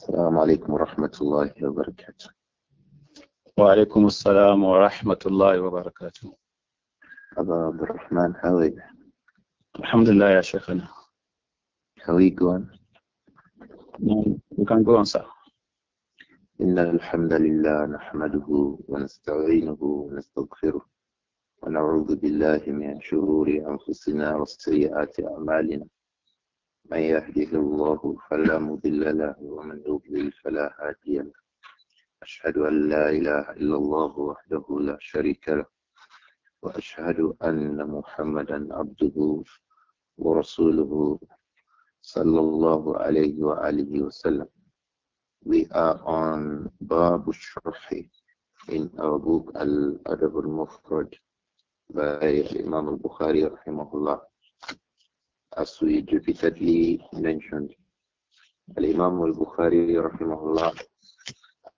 السلام عليكم ورحمة الله وبركاته وعليكم السلام ورحمة الله وبركاته أبا عبد الرحمن how الحمد لله يا شيخنا how جوان you جوان you إن الحمد لله نحمده ونستعينه ونستغفره ونعوذ بالله من شرور أنفسنا وسيئات أعمالنا من يهده الله فلا مضل له ومن يضلل فلا هادي له أشهد أن لا إله إلا الله وحده لا شريك له وأشهد أن محمدا عبده ورسوله صلى الله عليه وآله وسلم We are on باب الشرح in our book Al-Adab al-Mufrad by Imam al-Bukhari رحمه الله as we repeatedly mentioned, Al-Imam al-Bukhari rahimahullah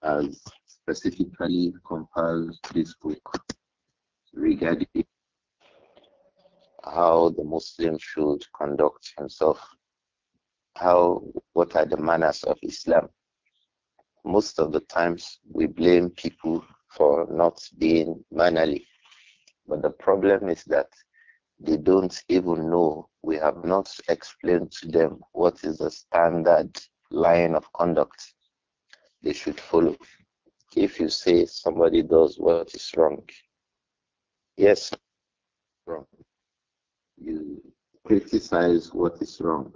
has specifically compiled this book regarding how the Muslim should conduct himself, how what are the manners of Islam. Most of the times we blame people for not being mannerly, but the problem is that they don't even know. We have not explained to them what is the standard line of conduct they should follow. If you say somebody does what is wrong, yes, wrong. You criticize what is wrong,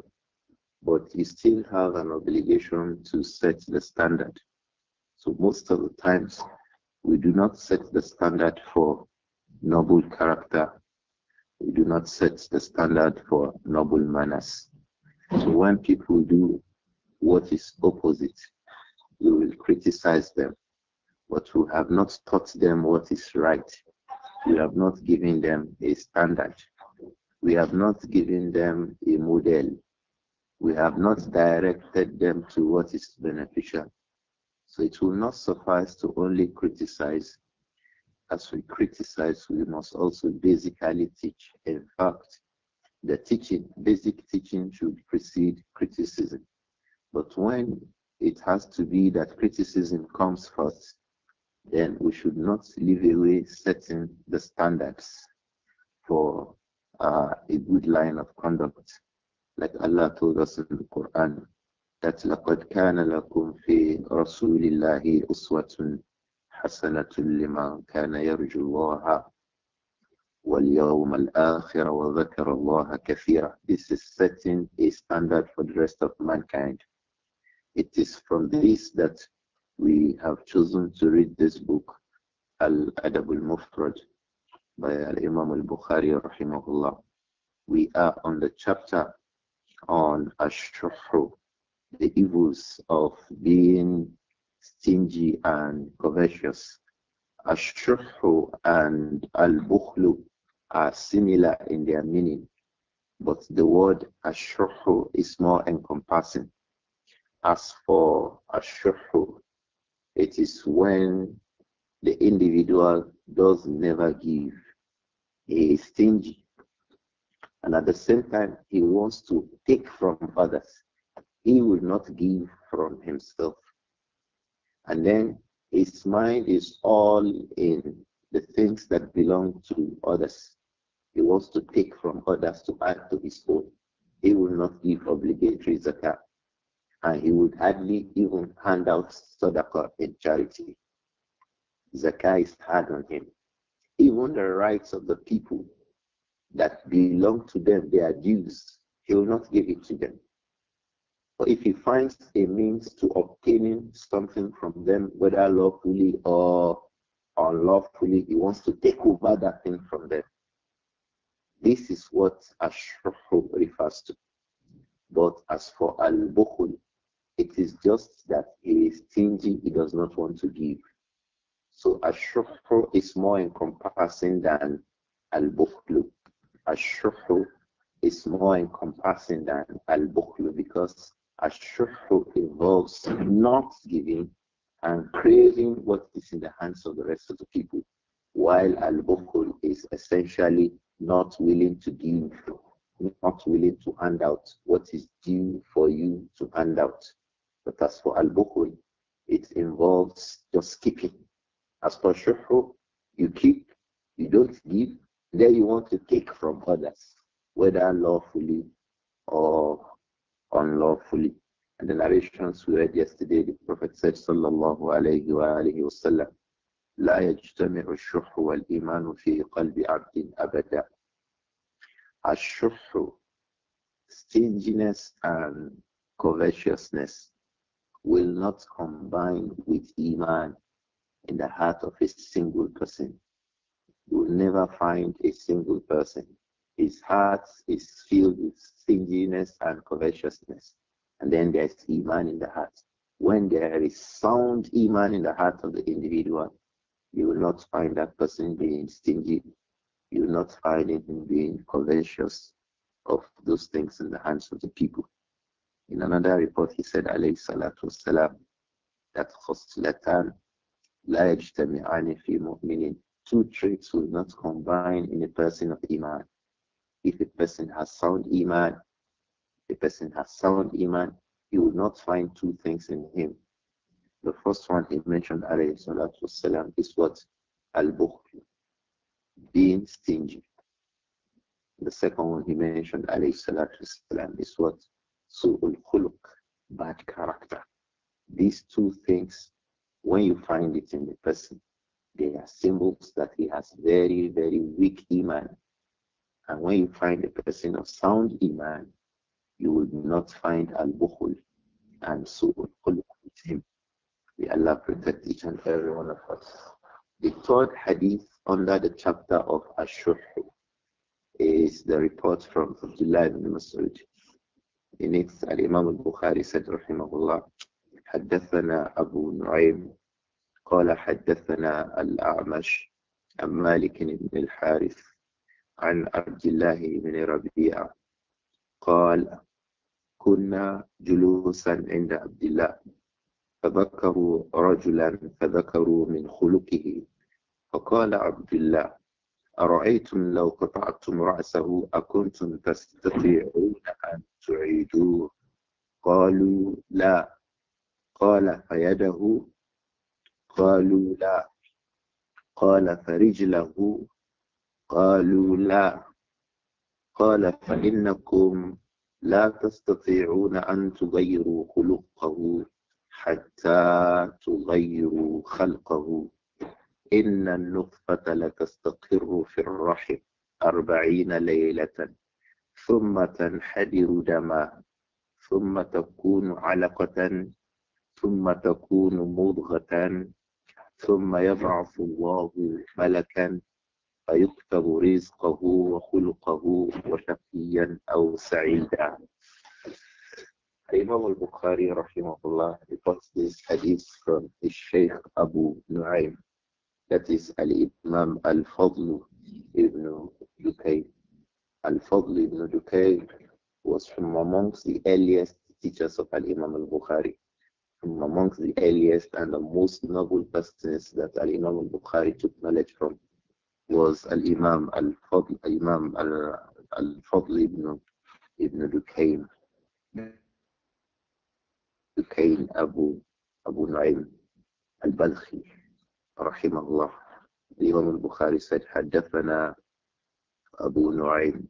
but you still have an obligation to set the standard. So most of the times, we do not set the standard for noble character we do not set the standard for noble manners. So when people do what is opposite, we will criticize them. But we have not taught them what is right. We have not given them a standard. We have not given them a model. We have not directed them to what is beneficial. So it will not suffice to only criticize as we criticize, we must also basically teach. In fact, the teaching, basic teaching should precede criticism. But when it has to be that criticism comes first, then we should not leave away setting the standards for uh, a good line of conduct. Like Allah told us in the Quran that لَقَدْ كَانَ لَكُمْ فِي رَسُولِ اللَّهِ أُسْوَةٌ حسنة لمن كان يرجو الله واليوم الآخر وذكر الله كثيرا. This is setting a standard for the rest of mankind. It is from this that we have chosen to read this book, Al-Adab al-Mufrad, by Al-Imam al-Bukhari rahimahullah. We are on the chapter on Ashruhu, the evils of being stingy and covetous. Ashruhu and al-bukhlu are similar in their meaning, but the word ashruhu is more encompassing. As for ashruhu, it is when the individual does never give. He is stingy. And at the same time, he wants to take from others. He will not give from himself. And then his mind is all in the things that belong to others. He wants to take from others to add to his own. He will not give obligatory zakat. And he would hardly even hand out sadaqah in charity. Zakat is hard on him. Even the rights of the people that belong to them, their dues, he will not give it to them if he finds a means to obtaining something from them, whether lawfully or unlawfully, he wants to take over that thing from them. This is what Ashruhu refers to. But as for Al Bukhul, it is just that he is stingy, he does not want to give. So Ashruhu is more encompassing than Al Bukhlu. Ashruhu is more encompassing than Al Bukhlu because Ashuhu involves not giving and craving what is in the hands of the rest of the people, while al bukhul is essentially not willing to give, not willing to hand out what is due for you to hand out. But as for al bukhul, it involves just keeping. As for shuhu, you keep, you don't give, then you want to take from others, whether lawfully or unlawfully. And the narrations we read yesterday, the Prophet said, Sallallahu alayhi wa alayhi wa لا يجتمع الشح والإيمان في قلب عبد أبدا. الشح, stinginess and covetousness will not combine with Iman in the heart of a single person. You will never find a single person his heart is filled with stinginess and covetousness. And then there's Iman in the heart. When there is sound Iman in the heart of the individual, you will not find that person being stingy. You will not find him being covetous of those things in the hands of the people. In another report, he said, alayhi salatu wasalam, that khoslatan la yajtami'ani fi mu'minin. Two traits will not combine in a person of Iman. If a person has sound iman, a person has sound iman, he will not find two things in him. The first one he mentioned, alayhi was wasalam, is what? Al-Bukhl, being stingy. The second one he mentioned, alayhi was wasalam, is what? Su'ul khuluk, bad character. These two things, when you find it in the person, they are symbols that he has very, very weak iman and when you find a person of sound iman, you will not find al-bukhul and so with him. May Allah protect each and every one of us. The third hadith under the chapter of Ashurhu is the report from Abdullah ibn Mas'ud. In it, Al-Imam al-Bukhari said, Rahimahullah, حدثنا أبو نعيم قال حدثنا الأعمش عن مالك بن الحارث عن عبد الله بن ربيعة قال كنا جلوسا عند عبد الله فذكروا رجلا فذكروا من خلقه فقال عبد الله أرأيتم لو قطعتم رأسه أكنتم تستطيعون أن تعيدوه قالوا لا قال فيده قالوا لا قال فرجله قالوا لا قال فإنكم لا تستطيعون أن تغيروا خلقه حتى تغيروا خلقه إن النطفة لتستقر في الرحم أربعين ليلة ثم تنحدر دما ثم تكون علقة ثم تكون مضغة ثم يبعث الله ملكا فيكتب رزقه وخلقه وشقيا أو سعيدا Imam al-Bukhari الله reports this hadith from his Sheikh Abu Nu'aym that is al-Imam al-Fadl ibn Dukay al-Fadl ibn Dukay was from amongst the earliest teachers of al-Imam al-Bukhari from amongst the earliest and the most noble persons that al-Imam al-Bukhari took knowledge from was Al-Imam Al-Fadl, Imam Al-Fadl ibn, ibn Dukayn, Dukayn Abu, Abu Naim Al-Balkhi, rahimahullah. Al Bukhari said حدثنا أبو نعيم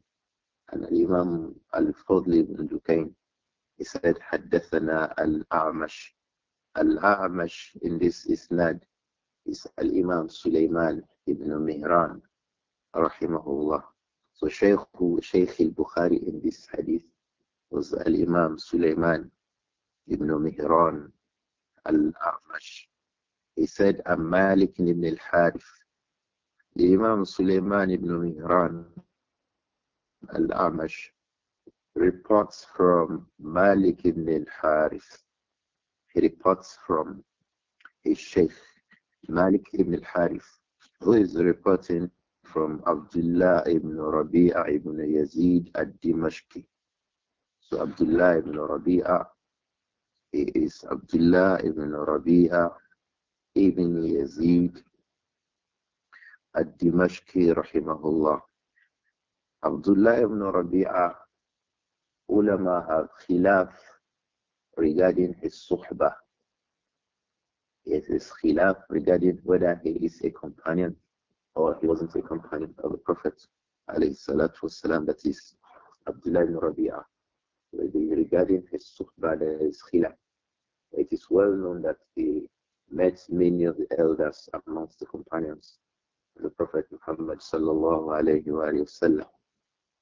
Imam Al الفضل Ibn Dukain, he said Al حدثنا Al الأعمش in this is not. is Al-Imam Sulaiman ibn Mihran, rahimahullah. So Shaykh, Shaykh al-Bukhari in this hadith was Al-Imam Sulaiman ibn Mihran al-A'mash. He said, "Am Malik ibn al harif The Imam Sulaiman ibn Mihran al-A'mash reports from Malik ibn al harif He reports from his sheikh. Malik ibn al-Harith, who is reporting from Abdullah ibn Rabi'a ibn Yazid al-Dimashqi. So Abdullah ibn Rabi'a is Abdullah ibn Rabi'a ibn Yazid al-Dimashqi rahimahullah. Abdullah ibn Rabi'a ulama have khilaf regarding his suhbah it is khilaf regarding whether he is a companion or he wasn't a companion of the Prophet والسلام, that is Abdullah ibn Rabi'ah. Regarding his suhbah, his khilaf. It is well known that he met many of the elders amongst the companions of the Prophet Muhammad sallallahu alayhi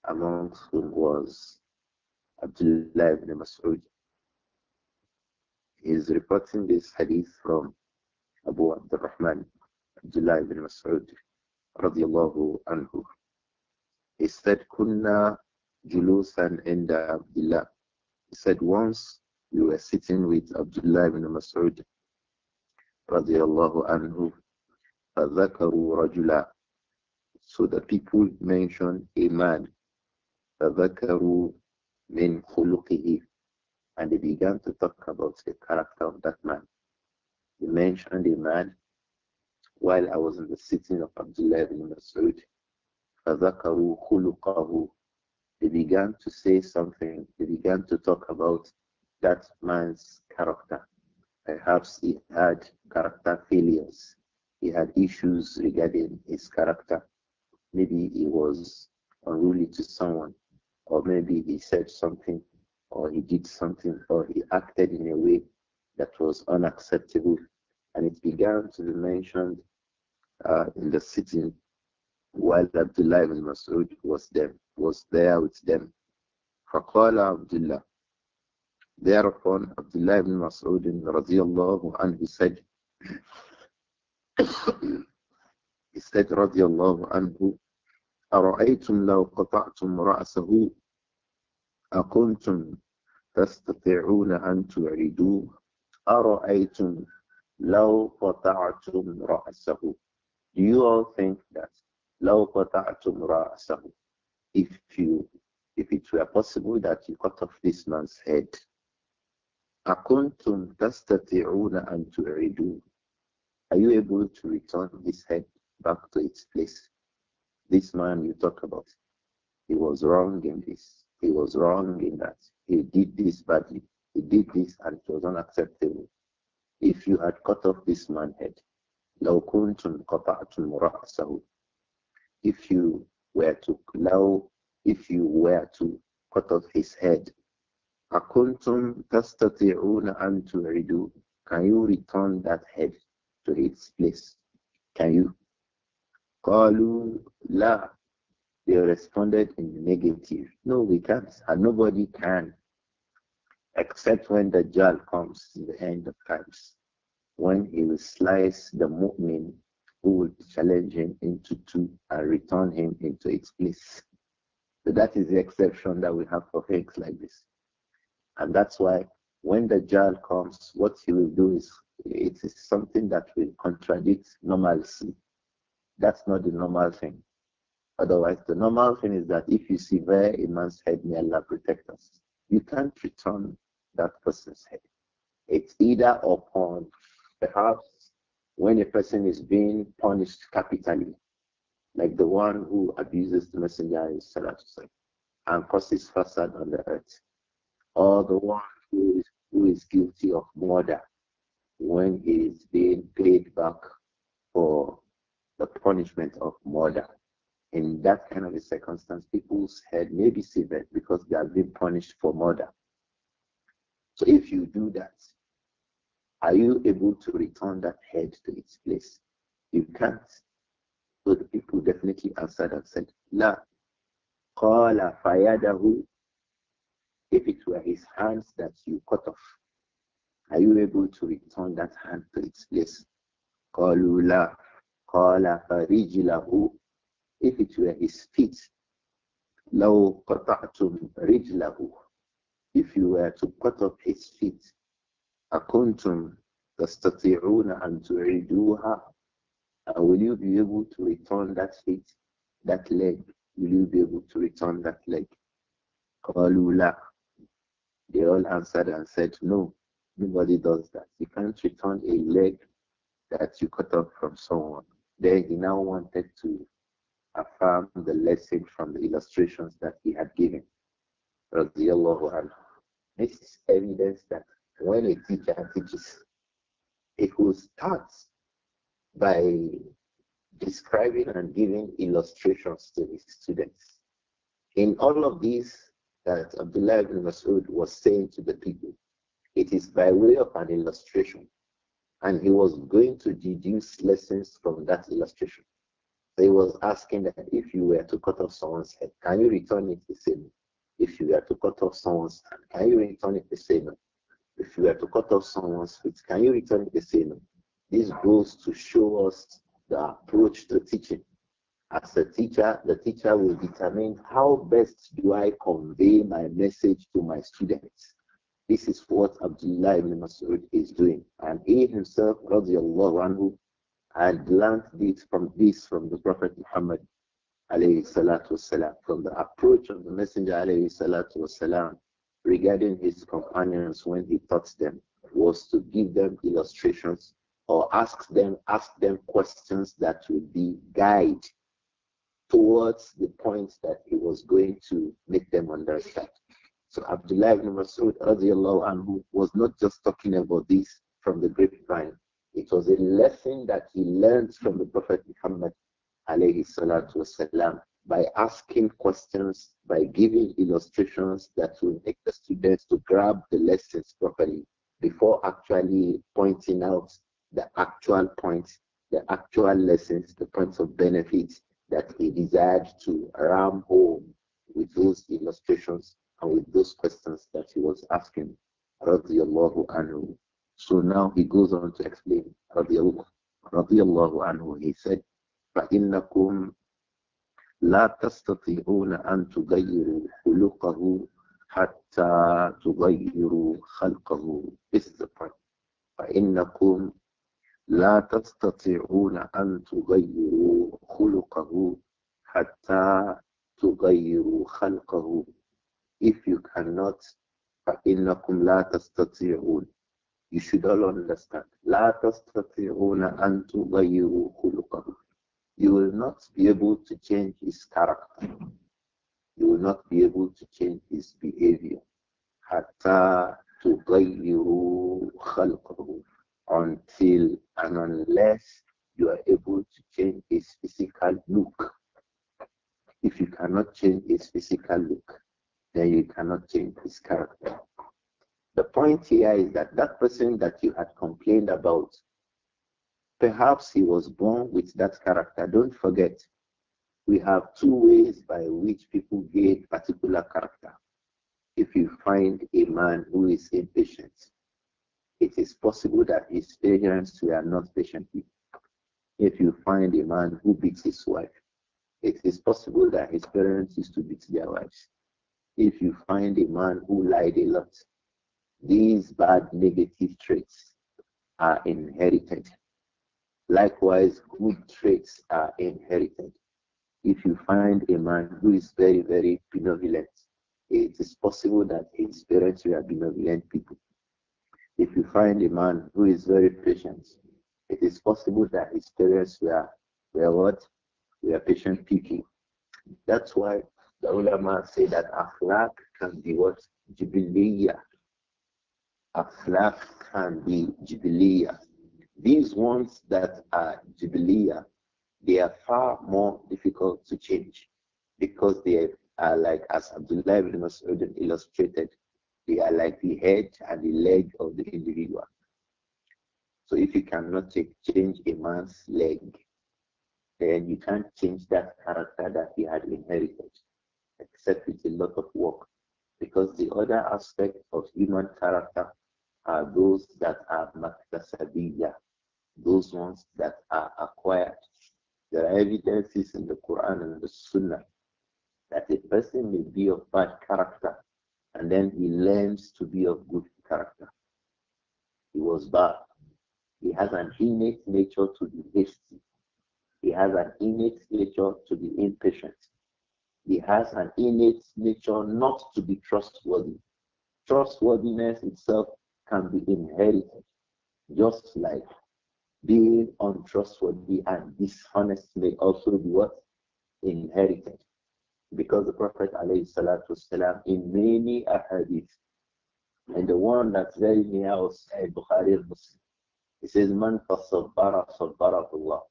amongst whom was Abdullah ibn Mas'ud is reporting this hadith from Abu Abdurrahman Abdullah ibn Mas'ud radiallahu anhu. He said, Kunna julusan inda Abdullah. He said, once we were sitting with Abdullah ibn Mas'ud radiallahu anhu, فذكروا رجلا. So the people mentioned a man. فذكروا من خلقه and they began to talk about the character of that man. They mentioned a man while I was in the sitting of Abdullah ibn Masud. فَذَكَرُوا They began to say something. They began to talk about that man's character. Perhaps he had character failures. He had issues regarding his character. Maybe he was unruly to someone, or maybe he said something or he did something or he acted in a way that was unacceptable. And it began to be mentioned uh, in the sitting while Abdullah ibn Mas'ud was there, was there with them. فقال Abdullah. Thereupon Abdullah ibn Mas'ud radiallahu anhu said, he said radiallahu anhu, أرأيتم لو قطعتم رأسه أكنتم تستطيعون أن تعيدوا أرأيتم لو قطعتم رأسه Do you all think that لو قطعتم رأسه if you if it were possible that you cut off this man's head أكنتم تستطيعون أن تعيدوا Are you able to return this head back to its place? This man you talk about, he was wrong in this. He was wrong in that. He did this badly. He did this and it was unacceptable. If you had cut off this man's head, لو if you were to now if you were to cut off his head تستطيعون أن تعيدوا can you return that head to its place can you قالوا لا they responded in the negative. No, we can't, and nobody can, except when the Jal comes in the end of times, when he will slice the mu'min who will challenge him into two and return him into its place. So that is the exception that we have for things like this. And that's why when the Jal comes, what he will do is it is something that will contradict normalcy. That's not the normal thing. Otherwise, the normal thing is that if you sever a man's head, may Allah protect us. You can't return that person's head. It's either upon perhaps when a person is being punished capitally, like the one who abuses the messenger and causes facade on the earth, or the one who is, who is guilty of murder when he is being paid back for the punishment of murder in that kind of a circumstance, people's head may be severed because they have been punished for murder. So if you do that, are you able to return that head to its place? You can't. So the people definitely answered and said, La qala fayadahu. If it were his hands that you cut off, are you able to return that hand to its place? Qalula qala farijilahu if it were his feet, لو قطعتم رجله if you were to cut off his feet and to redo her, will you be able to return that feet that leg will you be able to return that leg قالوا they all answered and said no nobody does that you can't return a leg that you cut off from someone then he now wanted to affirm the lesson from the illustrations that he had given. This is evidence that when a teacher teaches, he will start by describing and giving illustrations to his students. In all of these that Abdullah ibn Masud was saying to the people, it is by way of an illustration. And he was going to deduce lessons from that illustration. So he was asking that if you were to cut off someone's head, can you return it the same? If you were to cut off someone's hand, can you return it the same? If you were to cut off someone's feet, can you return it the same? This goes to show us the approach to teaching. As a teacher, the teacher will determine how best do I convey my message to my students. This is what Abdullah ibn Mas'ud is doing. And he himself, radiallahu anhu, and learnt this from this from the Prophet Muhammad alayhi salatu wasalam, from the approach of the Messenger alayhi salatu wasalam regarding his companions when he taught them was to give them illustrations or ask them ask them questions that would be guide towards the point that he was going to make them understand. So Abdullah ibn Masud radiallahu anhu was not just talking about this from the grapevine, it was a lesson that he learned from the Prophet Muhammad alayhi salatu wasalam, by asking questions, by giving illustrations that will make the students to grab the lessons properly before actually pointing out the actual points, the actual lessons, the points of benefits that he desired to ram home with those illustrations and with those questions that he was asking. الله عنه so now he goes on to explain رضي الله عنه he said فإنكم لا تستطيعون أن تغيروا خلقه حتى تغيروا خلقه This is the point فإنكم لا تستطيعون أن تغيروا خلقه حتى تغيروا خلقه If you cannot فإنكم لا تستطيعون you should all understand. La tastati'una an tughayyiru You will not be able to change his character. You will not be able to change his behavior. Hatta tughayyiru khalqahu. Until and unless you are able to change his physical look. If you cannot change his physical look, then you cannot change his character. The point here is that that person that you had complained about, perhaps he was born with that character. Don't forget, we have two ways by which people get particular character. If you find a man who is impatient, it is possible that his parents were not patient people. If you find a man who beats his wife, it is possible that his parents used to beat their wives. If you find a man who lied a lot, these bad negative traits are inherited. Likewise, good traits are inherited. If you find a man who is very, very benevolent, it is possible that his parents were benevolent people. If you find a man who is very patient, it is possible that his parents were, were what? Were patient people. That's why the ulama say that akhlaq can be what? Jubiliya flag can be jubilee. These ones that are jubilee, they are far more difficult to change because they are like, as Abdullah ibn Mas'ud illustrated, they are like the head and the leg of the individual. So if you cannot take, change a man's leg, then you can't change that character that he had inherited, except with a lot of work. Because the other aspect of human character are those that are maktasabiyya, those ones that are acquired. There are evidences in the Quran and the Sunnah that a person may be of bad character and then he learns to be of good character. He was bad. He has an innate nature to be hasty. He has an innate nature to be impatient. He has an innate nature not to be trustworthy. Trustworthiness itself can be inherited, just like being untrustworthy and dishonest may also be what? Inherited. Because the Prophet والسلام, in many ahadith, and the one that's very near us, eh, Bukhari muslim he says, Man fasabbara sabbaratullah.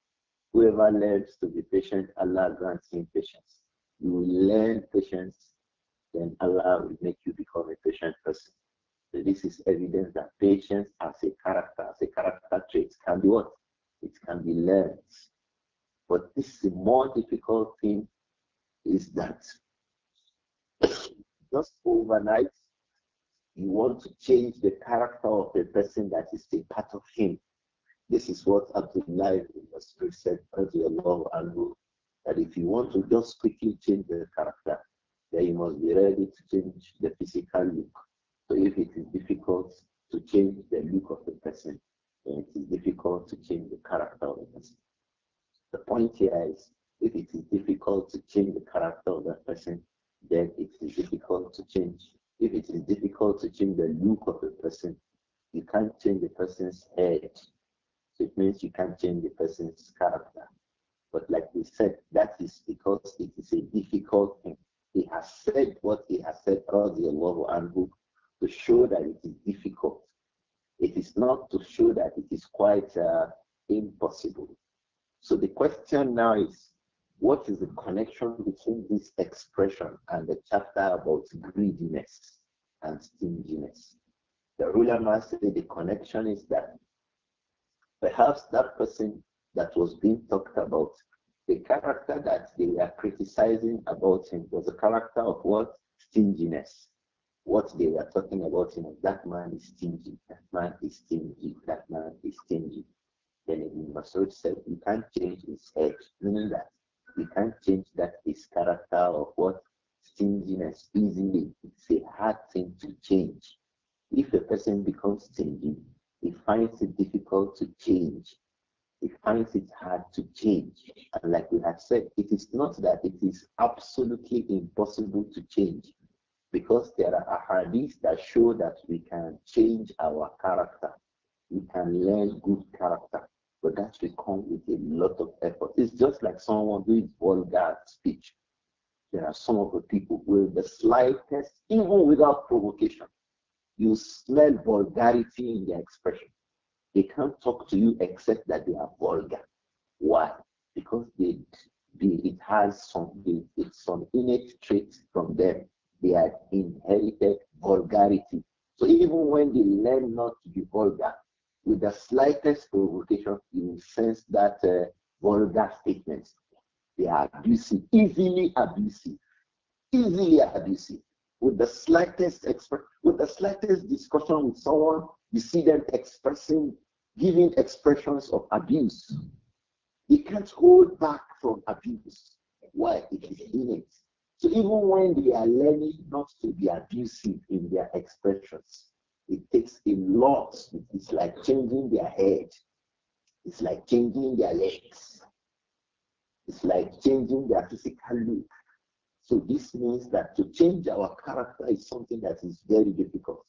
Whoever learns to be patient, Allah grants him patience. You will learn patience, then Allah will make you become a patient person this is evidence that patience as a character, as a character trait, can be what? It can be learned. But this is more difficult thing is that just overnight you want to change the character of the person that is a part of him. This is what Abdullah your said earlier, Anhu, that if you want to just quickly change the character, then you must be ready to change the physical look so if it is difficult to change the look of the person, then it is difficult to change the character of the person. The point here is if it is difficult to change the character of that person, then it is difficult to change. If it is difficult to change the look of the person, you can't change the person's head. So it means you can't change the person's character. But like we said, that is because it is a difficult thing. He has said what he has said, Radiallahu Anhu, to show that it is difficult. It is not to show that it is quite uh, impossible. So the question now is, what is the connection between this expression and the chapter about greediness and stinginess? The ruler must say the connection is that perhaps that person that was being talked about, the character that they are criticizing about him was a character of what? Stinginess what they were talking about you know, that man is stingy, that man is stingy, that man is stingy. Then Ibn Masud said, You can't change his head, meaning that you can't change that his character of what stinginess easily. It's a hard thing to change. If a person becomes stingy, he finds it difficult to change. He finds it hard to change. And like we have said, it is not that it is absolutely impossible to change because there are hadiths that show that we can change our character. We can learn good character, but that will come with a lot of effort. It's just like someone who is vulgar speech. There are some of the people with the slightest, even without provocation, you smell vulgarity in their expression. They can't talk to you except that they are vulgar. Why? Because they, they it has some, it it's some innate traits from them they had inherited vulgarity. So even when they learn not to be vulgar, with the slightest provocation, you will sense that uh, vulgar statements. They are abusive, easily abusive, easily abusive. With the slightest exp- with the slightest discussion with someone, you see them expressing, giving expressions of abuse. They can't hold back from abuse. Why? It is innate. So even when they are learning not to be abusive in their expressions, it takes a lot. It's like changing their head. It's like changing their legs. It's like changing their physical look. So this means that to change our character is something that is very difficult.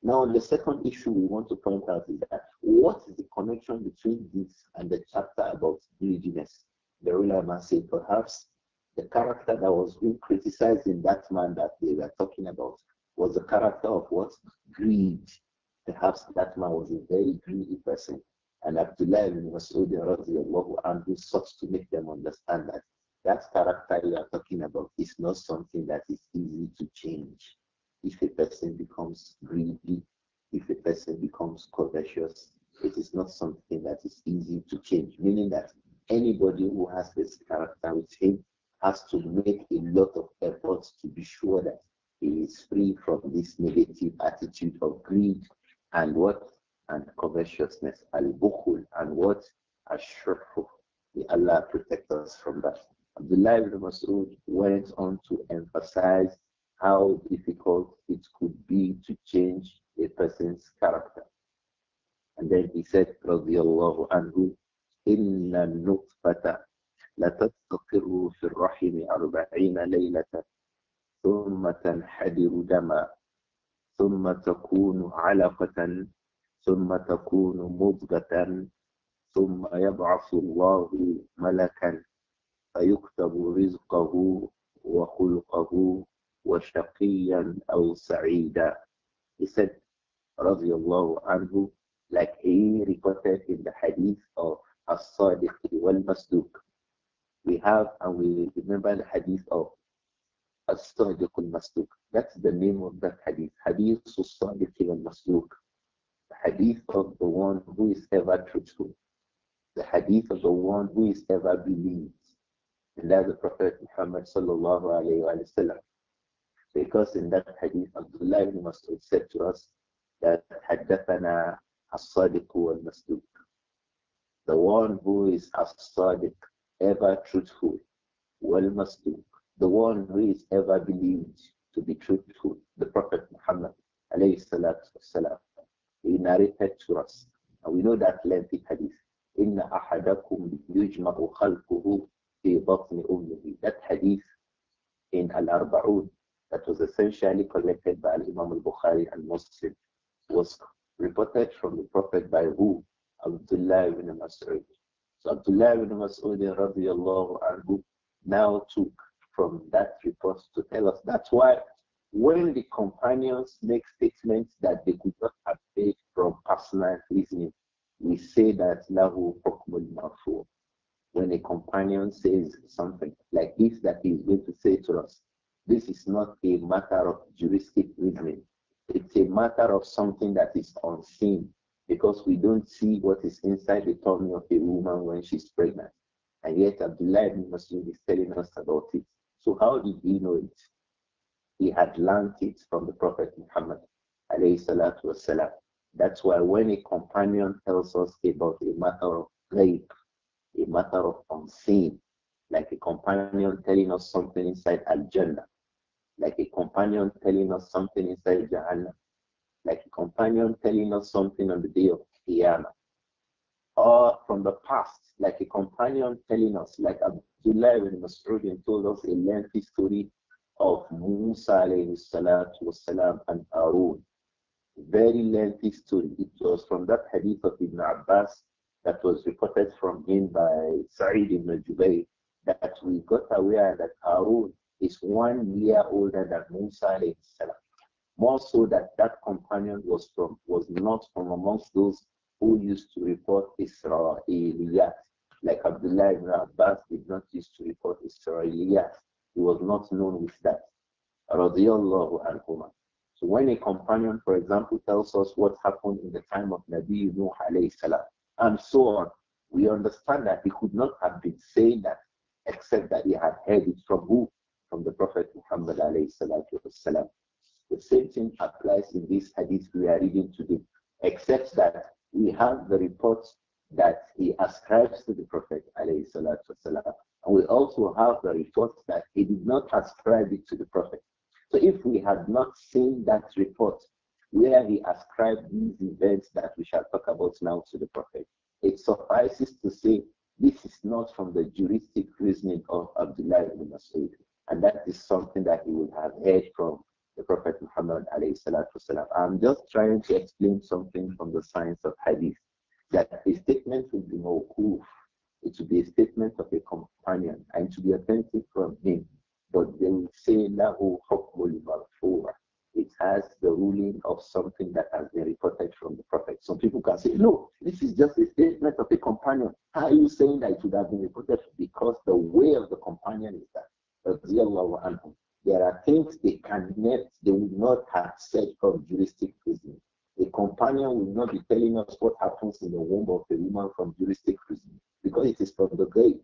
Now, the second issue we want to point out is that what is the connection between this and the chapter about greediness? The ruler man said, perhaps the character that was being criticized in that man that they were talking about was the character of what? Greed. Perhaps that man was a very greedy person. And Abdullah ibn Mas'ud anhu sought to make them understand that that character you are talking about is not something that is easy to change. If a person becomes greedy, if a person becomes covetous, it is not something that is easy to change, meaning that anybody who has this character with him has to make a lot of efforts to be sure that he is free from this negative attitude of greed and what and covetousness al bukhul and what ashrafu may Allah protect us from that Abdullah ibn Masud went on to emphasize how difficult it could be to change a person's character and then he said radiallahu anhu inna nutfata لتستقر في الرحم أربعين ليلة ثم تنحدر دما ثم تكون علقة ثم تكون مضغة ثم يبعث الله ملكا فيكتب رزقه وخلقه وشقيا أو سعيدا يسد رضي الله عنه لك هي reported الحديث أو الصادق والمصدوق we have and we remember the hadith of As-Sadiq al That's the name of that hadith. Hadith As-Sadiq al The hadith of the one who is ever truthful. The hadith of the one who is ever believed. And that's the Prophet Muhammad sallallahu alayhi wa sallam. Because in that hadith, Abdullah ibn Mas'ud said to us that as الصادق والمصدوق. The one who is as-sadiq ever truthful, well والمصدوق, the one who is ever believed to be truthful, the Prophet Muhammad alayhi salatu wasalam. He narrated to us, and we know that lengthy hadith. "Inna ahadakum yujma'u خلقه fi بطن ummihi." That hadith in Al-Arba'un that was essentially collected by Imam al-Bukhari and Muslim was reported from the Prophet by who? Abdullah ibn Mas'ud so Abdullah ibn Mas'ud radiallahu anhu now took from that report to tell us. That's why when the companions make statements that they could not have made from personal reasoning, we say that lahu hukmul marfu. When a companion says something like this that he is going to say to us, this is not a matter of juristic reasoning. It's a matter of something that is unseen because we don't see what is inside the tummy of a woman when she's pregnant. And yet Abdullah ibn Masud is telling us about it. So how did he know it? He had learned it from the Prophet Muhammad wasalam. That's why when a companion tells us about a matter of grave, a matter of unseen, like a companion telling us something inside Al-Jannah, like a companion telling us something inside Jahannam, like a companion telling us something on the day of Qiyamah, or from the past, like a companion telling us, like Abdullah ibn Mas'ud told us a lengthy story of Musa والسلام, and Arun. Very lengthy story. It was from that hadith of Ibn Abbas that was reported from him by Sa'id ibn Jubayr that we got aware that Aaron is one year older than Musa. salat more so that that companion was from was not from amongst those who used to report Israeliyat, like Abdullah ibn Abbas did not used to report Israeliyat. He was not known with that. So when a companion, for example, tells us what happened in the time of Nabi Nuh alayhi salam, and so on, we understand that he could not have been saying that except that he had heard it from who? From the Prophet Muhammad alayhi salatu the same thing applies in this hadith we are reading today, except that we have the reports that he ascribes to the Prophet and we also have the reports that he did not ascribe it to the Prophet. So if we had not seen that report where he ascribed these events that we shall talk about now to the Prophet, it suffices to say this is not from the juristic reasoning of Abdullah ibn Mas'ud. And that is something that he would have heard from the Prophet Muhammad والسلام. I'm just trying to explain something from the science of hadith, that a statement would be mawkuf, it would be a statement of a companion, and to be authentic from him, but they will say lahu hukmul marfu'a. It has the ruling of something that has been reported from the Prophet. Some people can say, no, this is just a statement of a companion. How are you saying that it would have been reported? Because the way of the companion is that. There are things they can they would not have said from juristic reason. A companion will not be telling us what happens in the womb of a woman from juristic reason because it is from the grave.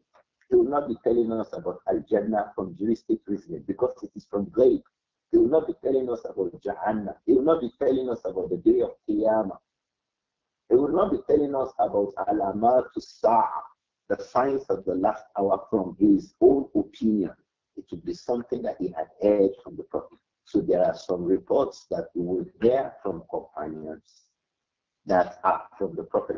He will not be telling us about Al-Jannah from juristic reason because it is from grave. He will not be telling us about Jahannam. He will not be telling us about the day of Qiyamah. He will not be telling us about to Sa'ah, the signs of the last hour from his own opinion. It would be something that he had heard from the Prophet. So there are some reports that we would hear from companions that are from the Prophet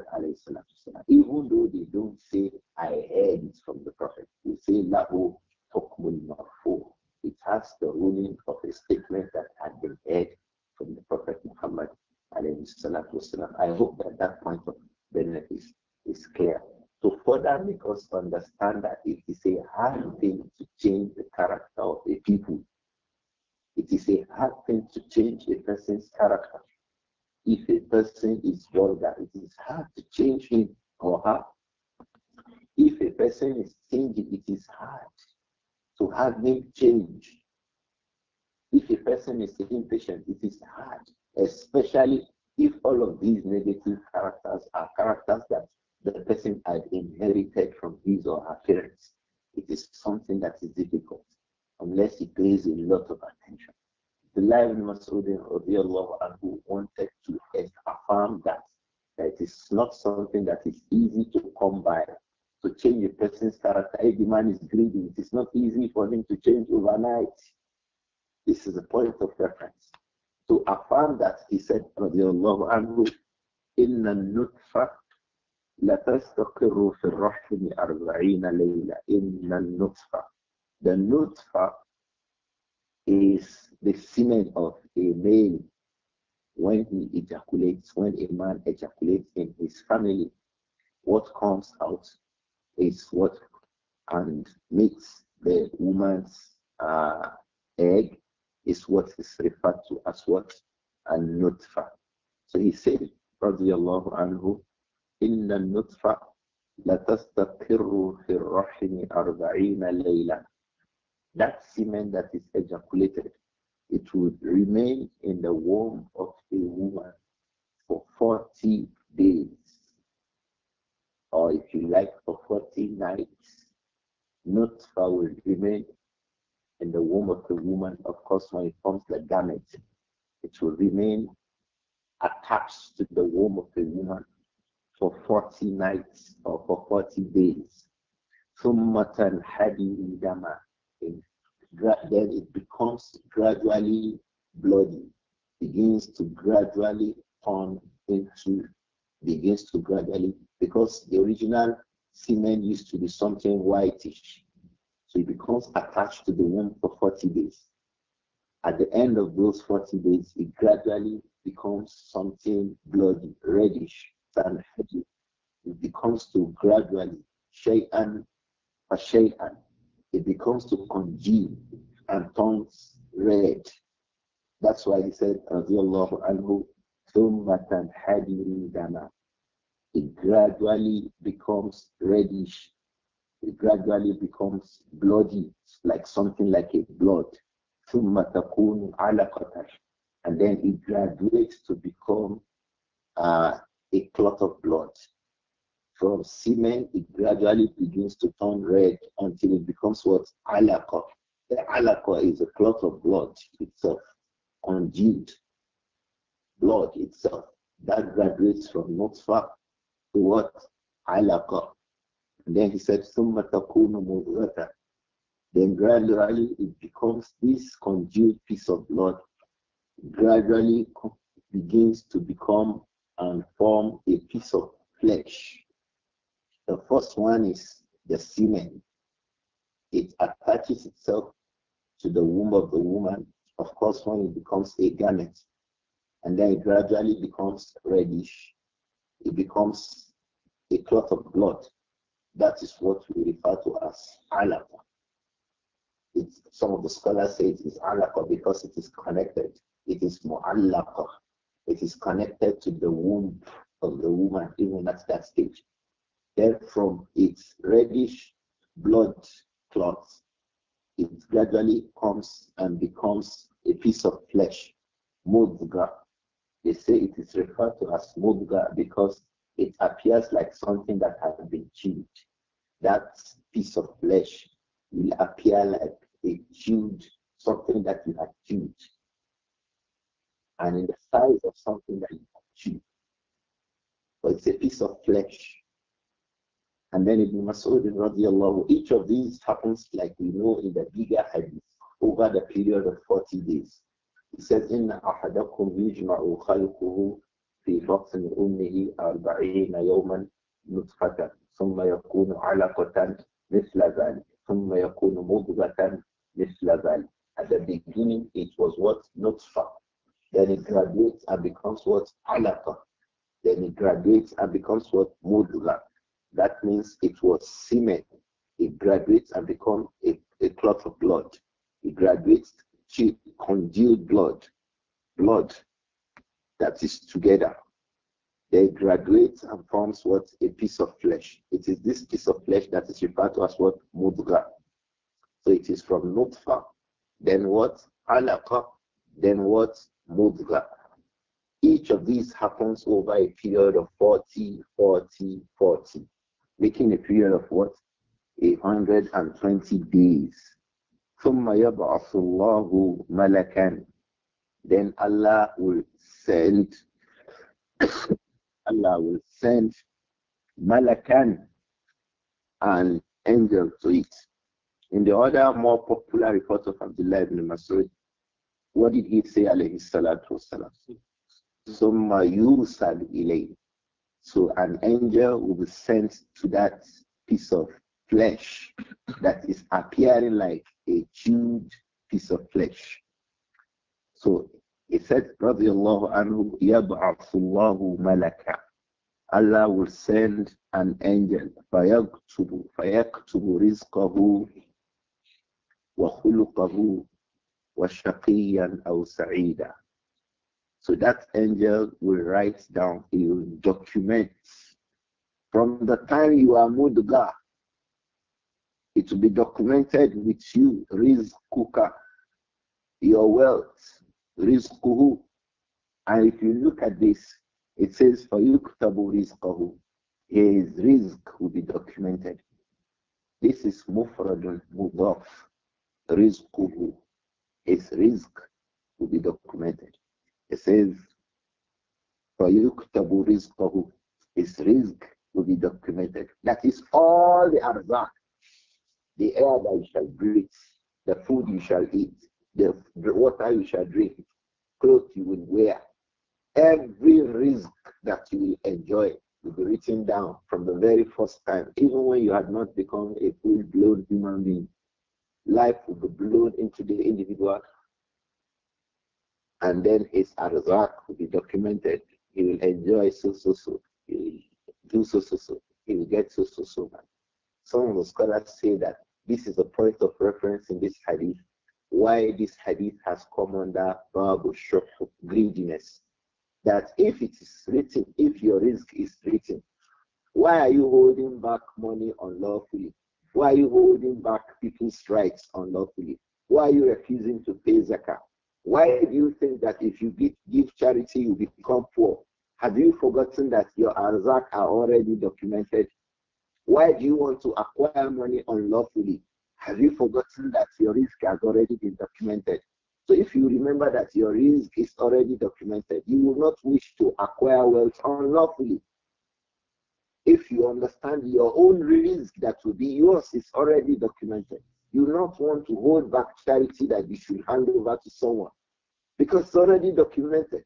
even though they don't say I heard it from the Prophet. we say Lahu Tokmul It has the ruling of a statement that had been heard from the Prophet Muhammad. I hope that that point of benefit is clear to further make us understand that it is a hard thing to change the character of a people. It is a hard thing to change a person's character. If a person is vulgar, it is hard to change him or her. If a person is stingy, it is hard to have him change. If a person is impatient, it is hard, especially if all of these negative characters are characters that the person had inherited from his or her parents. It is something that is difficult unless he pays a lot of attention. The life of Masood and who wanted to affirm that, that it is not something that is easy to come by. To change a person's character, if the man is greedy, it is not easy for him to change overnight. This is a point of reference. To affirm that, he said, Radiallahu لتستقر في الرحم أربعين ليلة إن النطفة The nutfa is the semen of a male when he ejaculates, when a man ejaculates in his family. What comes out is what and meets the woman's uh, egg is what is referred to as what a nutfa. So he said, رضي الله عنه إن النطفة لتستقر في الرحم أربعين ليلة that semen that is ejaculated it will remain in the womb of a woman for 40 days or if you like for 40 nights nutfa will remain in the womb of the woman of course when it forms the gamete it will remain attached to the womb of the woman for 40 nights or for 40 days. having in dama. Then it becomes gradually bloody, begins to gradually turn into, begins to gradually, because the original semen used to be something whitish. So it becomes attached to the womb for 40 days. At the end of those 40 days, it gradually becomes something bloody, reddish, يستنحج it becomes to gradually shay'an shay'an it becomes to congeal and turns red that's why he said radiyallahu anhu thumma tanhadiru dama it gradually becomes reddish it gradually becomes bloody like something like a blood thumma and then it graduates to become uh, a clot of blood. From semen, it gradually begins to turn red until it becomes what? Alaqa. The alaqa is a clot of blood itself, congealed blood itself. That graduates from nutfa to what? Alaqa. And then he said, Summa takunu mudghata. Then gradually it becomes this congealed piece of blood. Gradually begins to become and form a piece of flesh. The first one is the semen. It attaches itself to the womb of the woman, of course, when it becomes a garment, and then it gradually becomes reddish. It becomes a cloth of blood. That is what we refer to as alaqa. It's, some of the scholars say it is alaqa because it is connected. It is mu'allaqa. It is connected to the womb of the woman even at that stage. Then from its reddish blood clots, it gradually comes and becomes a piece of flesh, mudga. They say it is referred to as mudga because it appears like something that has been chewed. That piece of flesh will appear like a chewed, something that you have chewed and in the size of something that you achieve. But it's a piece of flesh. And then Ibn Mas'ud radiallahu, each of these happens like we know in the bigger hadith over the period of 40 days. He says, إِنَّ أَحَدَكُمْ يُجْمَعُ خَلْقُهُ فِي بَطْنِ أُمِّهِ أَرْبَعِينَ يَوْمًا نُطْفَةً ثم يكون علقة مثل ذلك ثم يكون مضغة مثل ذلك. At the beginning, it was what? Nutfa. Then it graduates and becomes what? Alaqa. Then it graduates and becomes what? Modula. That means it was semen. It graduates and becomes a, a clot of blood. It graduates to congealed blood. Blood that is together. They graduate and forms what a piece of flesh. It is this piece of flesh that is referred to as what mudra. So it is from nutfa, then what alaqa, then what mudra. Each of these happens over a period of 40, 40, 40, making a period of what? 120 days. then Allah will send Allah will send malakan an angel to it in the other more popular report of Abdullah ibn Masud what did he say, alayhi salatu wasalam? Summa yusad ilay. So an angel will be sent to that piece of flesh that is appearing like a huge piece of flesh. So he said, radiallahu anhu, yab'athullahu malaka. Allah will send an angel, فَيَكْتُبُ فَيَكْتُبُ رِزْقَهُ وَخُلُقَهُ وَشَقِيًّا أَوْ سَعِيدًا So that angel will write down, he will document. From the time you are mudga, it will be documented with you, rizquka, your wealth, rizquhu. And if you look at this, it says, فَيُكْتَبُ رِزْقَهُ His risk will be documented. This is mufradun mudaf, rizquhu his risk will be documented. It says, you to His risk will be documented. That is all the arzak, the air that you shall breathe, the food you shall eat, the water you shall drink, clothes you will wear, every risk that you will enjoy will be written down from the very first time, even when you had not become a full-blown human being life will be blown into the individual and then his arzak will be documented. He will enjoy so so so. He will do so so so. He will get so so so Some of the scholars say that this is a point of reference in this hadith. Why this hadith has come under Babu Shokh greediness. That if it is written, if your risk is written, why are you holding back money unlawfully? Why are you holding back people's rights unlawfully? Why are you refusing to pay Zakat? Why do you think that if you give, give charity, you become poor? Have you forgotten that your arzak are already documented? Why do you want to acquire money unlawfully? Have you forgotten that your risk has already been documented? So if you remember that your risk is already documented, you will not wish to acquire wealth unlawfully. If you understand your own risk that will be yours is already documented. You not want to hold back charity that you should hand over to someone because it's already documented.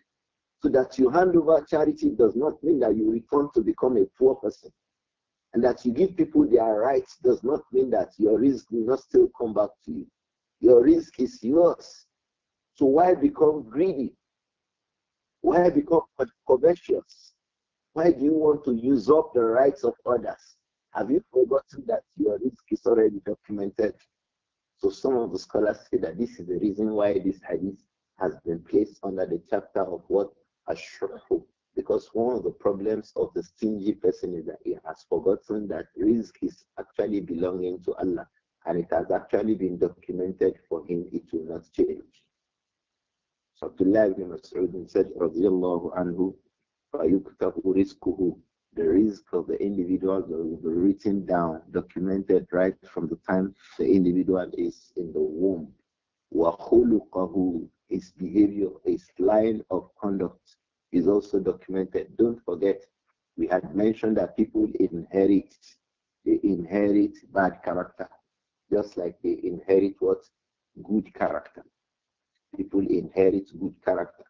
So that you hand over charity does not mean that you return to become a poor person. And that you give people their rights does not mean that your risk will not still come back to you. Your risk is yours. So why become greedy? Why become covetous? Why do you want to use up the rights of others? Have you forgotten that your risk is already documented? So some of the scholars say that this is the reason why this hadith has been placed under the chapter of what ashrahu, because one of the problems of the stingy person is that he has forgotten that risk is actually belonging to Allah and it has actually been documented for him, it will not change. So Abdullah ibn Mas'ud said, the risk of the individual will be written down, documented right from the time the individual is in the womb. وَخُلُقَهُ His behavior, his line of conduct is also documented. Don't forget, we had mentioned that people inherit. They inherit bad character, just like they inherit what? Good character. People inherit good character.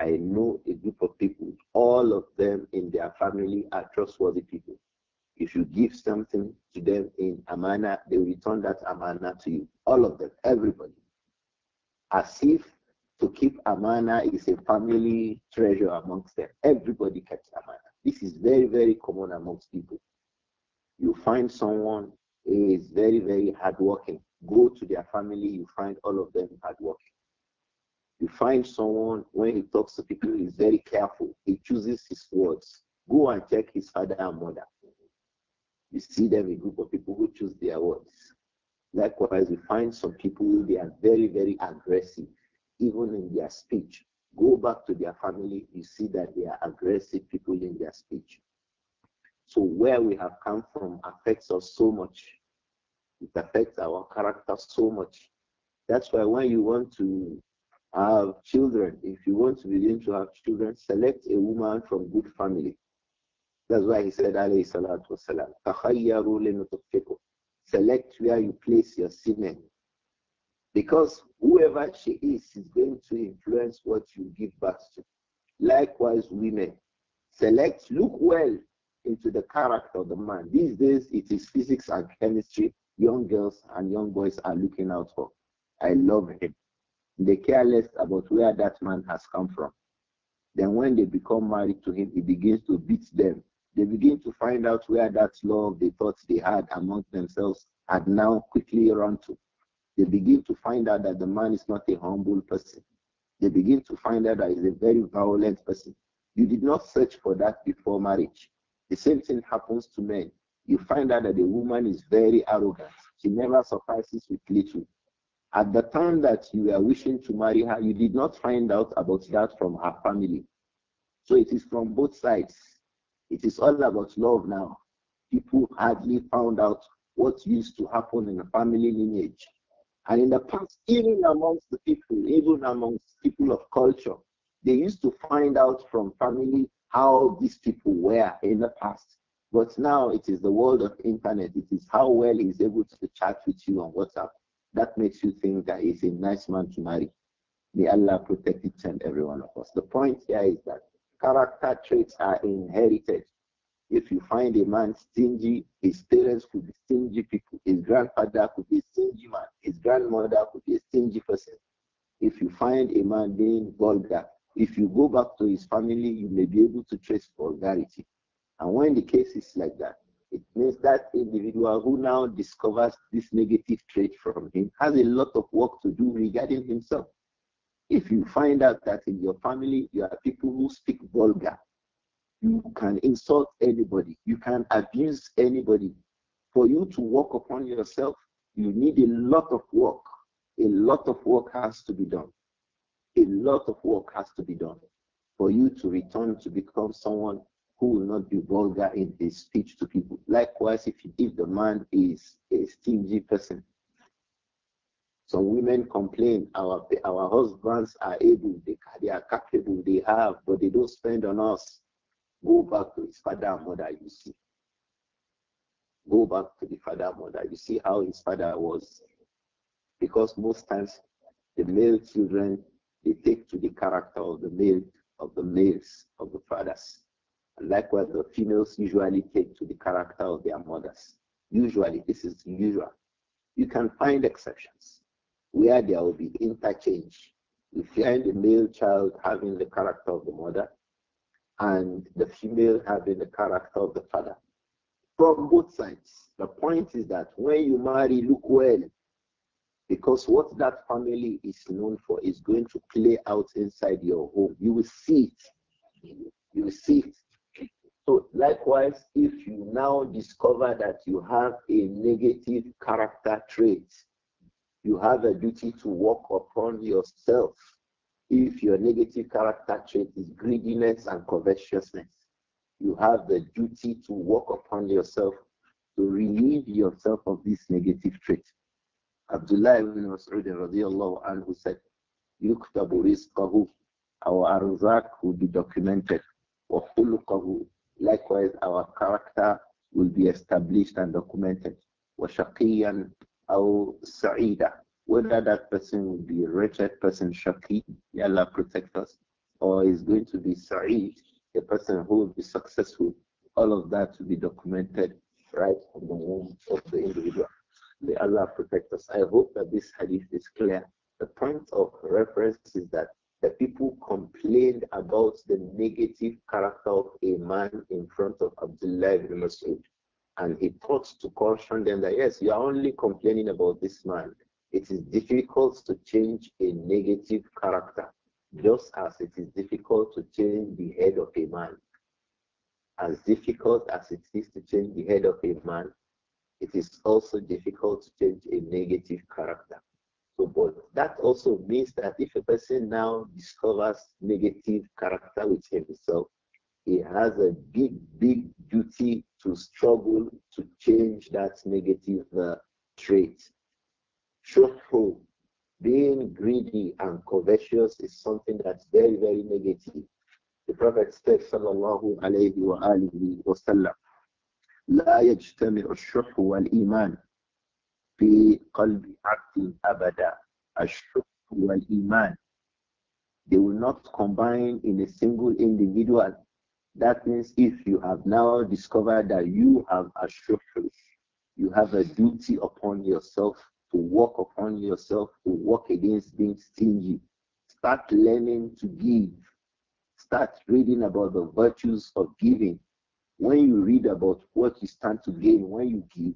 I know a group of people, all of them in their family are trustworthy people. If you give something to them in amana, they will return that amana to you. All of them, everybody. As if to keep amana is a family treasure amongst them. Everybody keeps amana. This is very, very common amongst people. You find someone is very, very hardworking. Go to their family, you find all of them hardworking. You find someone, when he talks to people, he's very careful. He chooses his words. Go and check his father and mother. You see them, a group of people who choose their words. Likewise, you find some people, they are very, very aggressive, even in their speech. Go back to their family, you see that they are aggressive people in their speech. So where we have come from affects us so much. It affects our character so much. That's why when you want to have children, if you want to begin to have children, select a woman from good family. That's why he said, alayhi salatu wasalam, select where you place your semen. Because whoever she is is going to influence what you give birth to. Likewise, women, select, look well into the character of the man. These days, it is physics and chemistry young girls and young boys are looking out for. I love him. They care less about where that man has come from. Then when they become married to him, he begins to beat them. They begin to find out where that love they thought they had among themselves had now quickly run to. They begin to find out that the man is not a humble person. They begin to find out that he's a very violent person. You did not search for that before marriage. The same thing happens to men. You find out that the woman is very arrogant. She never surprises with little. At the time that you were wishing to marry her, you did not find out about that from her family. So it is from both sides. It is all about love now. People hardly found out what used to happen in the family lineage. And in the past, even amongst the people, even amongst people of culture, they used to find out from family how these people were in the past. But now it is the world of internet. It is how well he's able to chat with you on WhatsApp. That makes you think that he's a nice man to marry. May Allah protect each and every one of us. The point here is that character traits are inherited. If you find a man stingy, his parents could be stingy people, his grandfather could be a stingy man, his grandmother could be a stingy person. If you find a man being vulgar, if you go back to his family, you may be able to trace vulgarity. And when the case is like that, it means that individual who now discovers this negative trait from him has a lot of work to do regarding himself. If you find out that in your family you are people who speak vulgar, you can insult anybody, you can abuse anybody. For you to work upon yourself, you need a lot of work. A lot of work has to be done. A lot of work has to be done for you to return to become someone who will not be vulgar in his speech to people. Likewise, if, if the man is a stingy person, some women complain our our husbands are able, they, they are capable, they have, but they don't spend on us. Go back to his father and mother, you see. Go back to the father and mother. You see how his father was. Because most times the male children they take to the character of the male of the males of the fathers. Likewise, the females usually take to the character of their mothers. Usually, this is usual. You can find exceptions where there will be interchange. You find the male child having the character of the mother and the female having the character of the father. From both sides, the point is that when you marry, look well, because what that family is known for is going to play out inside your home. You will see it. You will see it. So likewise, if you now discover that you have a negative character trait, you have a duty to work upon yourself if your negative character trait is greediness and covetousness. You have the duty to work upon yourself to relieve yourself of this negative trait. Abdullah ibn Mas'ud radiallahu anhu said, Yuktabu rizqahu, our arzak will be documented, wa Likewise, our character will be established and documented. وَشَقِيًّا أَوْ سَعِيدًا Whether that person will be a wretched person, shaqi, Allah protect us, or is going to be sa'id, a person who will be successful, all of that will be documented right from the womb of the individual. May Allah protect us. I hope that this hadith is clear. The point of reference is that the people complained about the negative character of a man in front of Abdullah ibn Mas'ud. And he thought to caution them that, yes, you are only complaining about this man. It is difficult to change a negative character, just as it is difficult to change the head of a man. As difficult as it is to change the head of a man, it is also difficult to change a negative character but that also means that if a person now discovers negative character with himself, he has a big, big duty to struggle to change that negative uh, trait. Truthful, being greedy and covetous is something that's very, very negative. The Prophet said, sallallahu alayhi wa alihi wa sallam, لا يجتمع الشح والإيمان في قلب عبد أبدا الشكر والإيمان they will not combine in a single individual. That means if you have now discovered that you have a shukr, you have a duty upon yourself to work upon yourself, to work against being stingy. Start learning to give. Start reading about the virtues of giving. When you read about what you stand to gain when you give,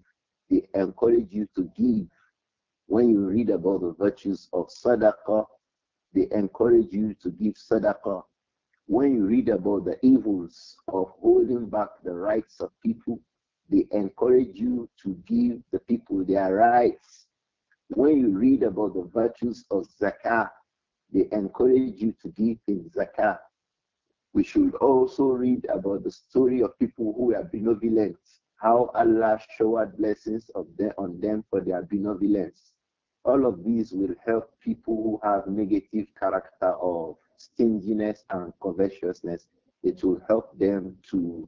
they encourage you to give. When you read about the virtues of sadaqah, they encourage you to give sadaqah. When you read about the evils of holding back the rights of people, they encourage you to give the people their rights. When you read about the virtues of zakah, they encourage you to give in zakah. We should also read about the story of people who are benevolent, how Allah showered blessings them, on them for their benevolence. All of these will help people who have negative character of stinginess and covetousness. It will help them to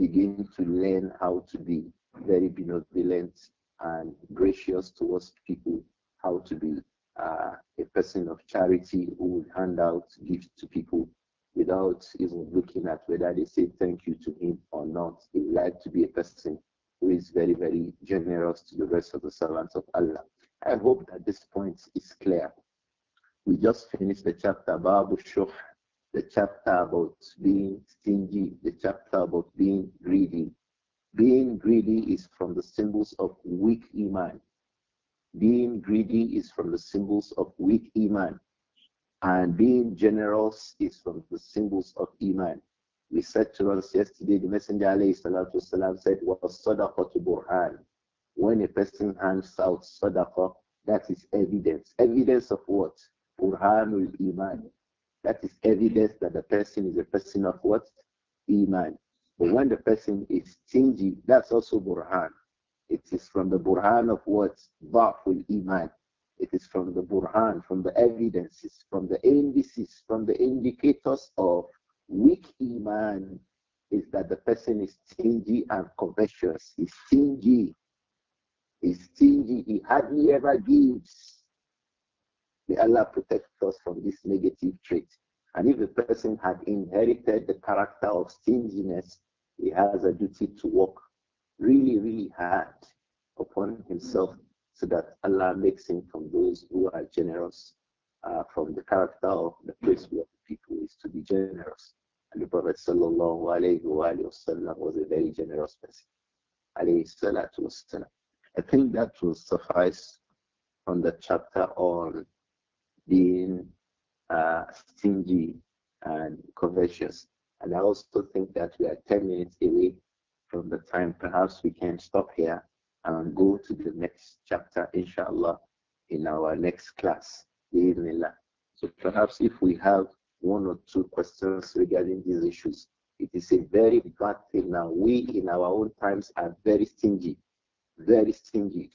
begin to learn how to be very benevolent and gracious towards people, how to be uh, a person of charity who would hand out gifts to people, without even looking at whether they say thank you to him or not. He like to be a person who is very, very generous to the rest of the servants of Allah. I hope that this point is clear. We just finished the chapter Babu Shuh, the chapter about being stingy, the chapter about being greedy. Being greedy is from the symbols of weak iman. Being greedy is from the symbols of weak iman. And being generous is from the symbols of Iman. We said to us yesterday, the Messenger والسلام, said, was sadaqah to Burhan. When a person hands out sadaqah, that is evidence. Evidence of what? Burhanul Iman. That is evidence that the person is a person of what? Iman. But when the person is stingy, that's also Burhan. It is from the Burhan of what? Ba'ful Iman. It is from the Burhan, from the evidences, from the indices, from the indicators of weak Iman is that the person is stingy and covetous. He's stingy. He's stingy. He hardly ever gives. May Allah protect us from this negative trait. And if the person had inherited the character of stinginess, he has a duty to work really, really hard upon himself so that Allah makes him from those who are generous. Uh, from the character of the principle of the people is to be generous. And the Prophet sallallahu was a very generous person. Alayhi salatu wasallam. I think that will suffice on the chapter on being uh, stingy and covetous. And I also think that we are 10 minutes away from the time. Perhaps we can stop here and go to the next chapter, inshallah, in our next class. So perhaps if we have one or two questions regarding these issues, it is a very bad thing now. We in our own times are very stingy, very stingy,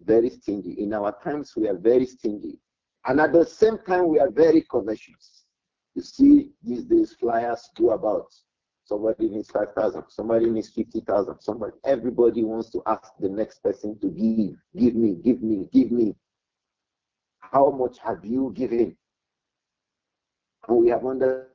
very stingy. In our times, we are very stingy. And at the same time, we are very covetous. You see, these days, flyers go about somebody needs 5,000, somebody needs 50,000, somebody, everybody wants to ask the next person to give, give me, give me, give me. How much have you given? And we have understood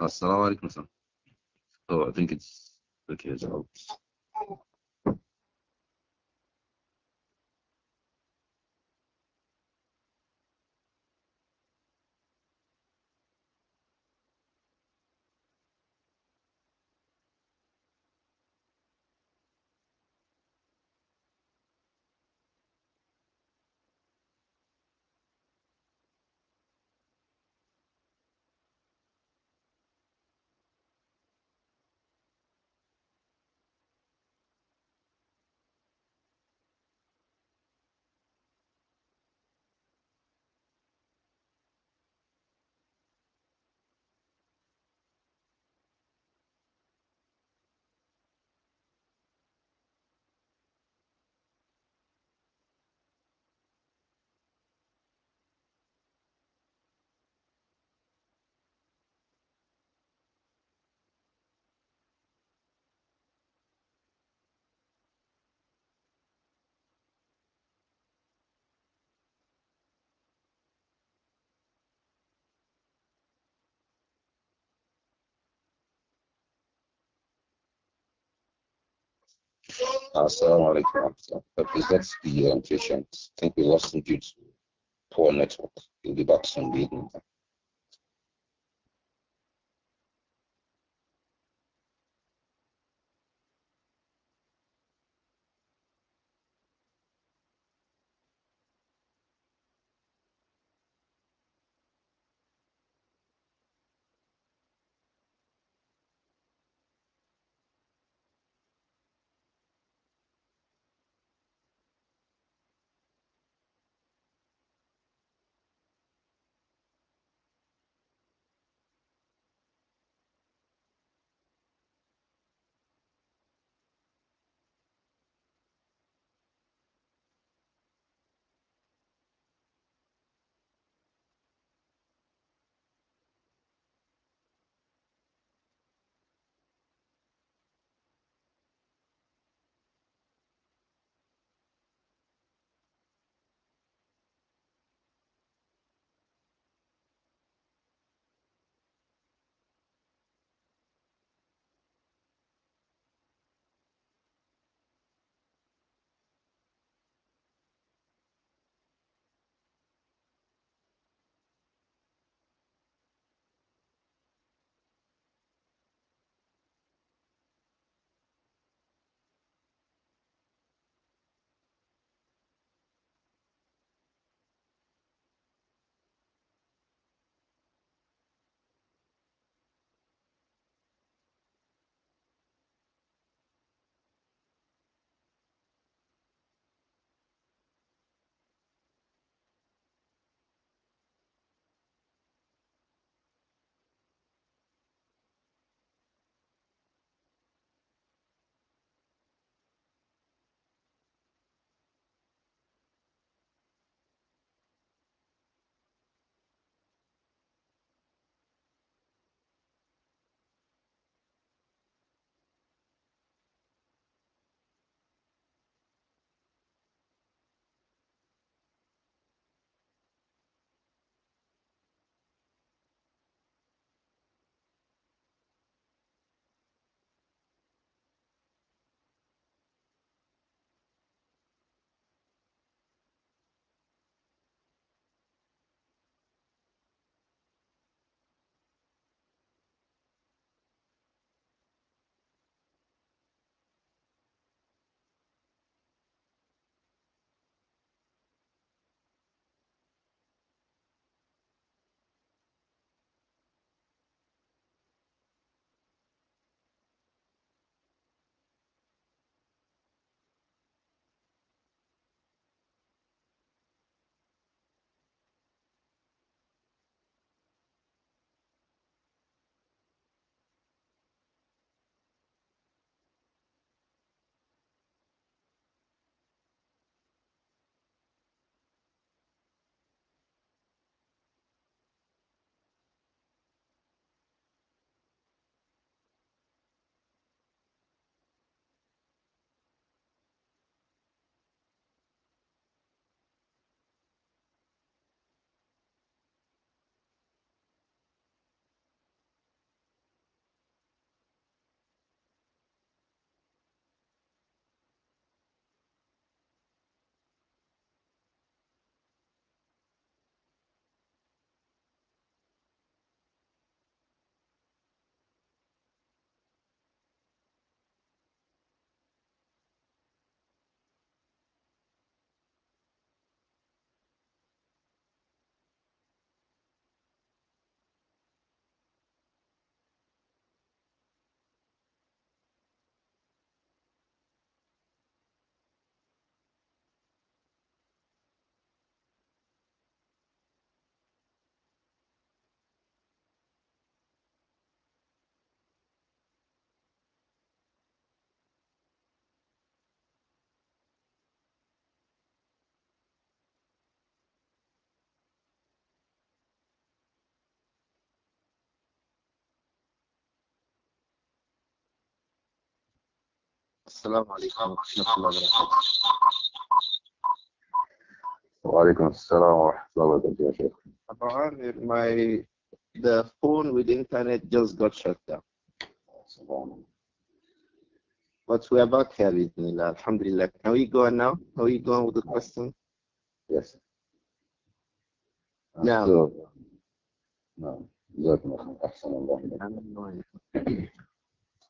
Assalamu alaikum. So I think it's okay. So. Assalamu alaikum. But that's the um, patients. I think we lost in due to poor network. He'll be back soon. السلام عليكم ورحمة الله وبركاته وعليكم السلام ورحمة الله وبركاته يا شيخ Abu Amir, my the phone with internet just got shut down. But we're back here, Bismillah. Alhamdulillah. Can we go now? Are we going with the question? Yes. Now. No. No.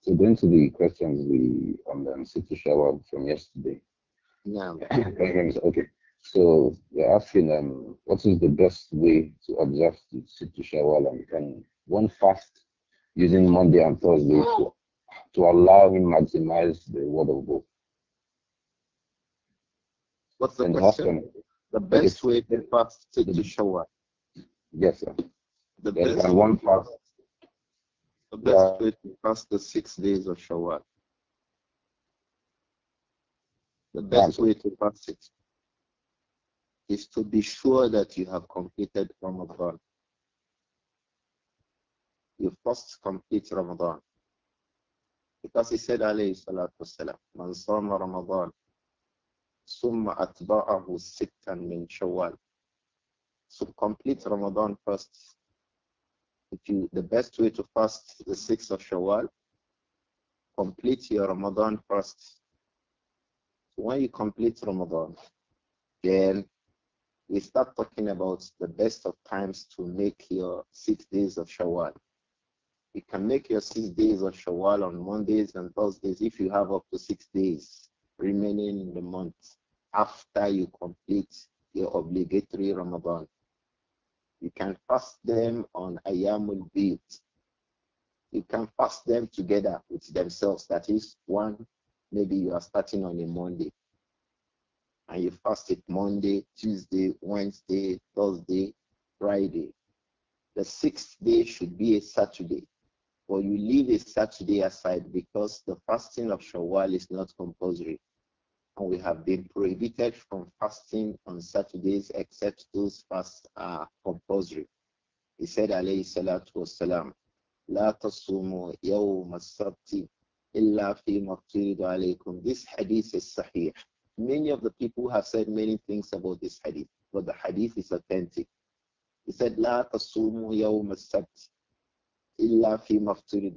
So going to the questions we on the city shower from yesterday. Yeah. okay. So they're asking um, what is the best way to observe the city shower and can one fast using Monday and Thursday to, to allow him maximize the word of God. What's the and question? Often, the best way to fast city shower. Yes, sir. The yes, best one fast the best way to fast the six days of Shawwal. The best way to fast it is to be sure that you have completed Ramadan. You first complete Ramadan. Because he said, alayhi salatu wasalam, man sama Ramadan, summa atba'ahu sittan min shawwal. So complete Ramadan first if you, the best way to fast the sixth of Shawwal, complete your Ramadan fast. So when you complete Ramadan, then we start talking about the best of times to make your six days of Shawwal. You can make your six days of Shawwal on Mondays and Thursdays if you have up to six days remaining in the month after you complete your obligatory Ramadan. You can fast them on Ayamul beat. You can fast them together with themselves. That is one, maybe you are starting on a Monday and you fast it Monday, Tuesday, Wednesday, Thursday, Friday. The sixth day should be a Saturday. Or you leave a Saturday aside because the fasting of Shawwal is not compulsory and we have been prohibited from fasting on Saturdays except those fasts are compulsory. He said, alayhi salatu wasalam, لا تصوموا يوم السبت إلا فيما افترض alaykum." This hadith is sahih. Many of the people have said many things about this hadith, but the hadith is authentic. He said, لا تصوموا يوم السبت illa fi mafturi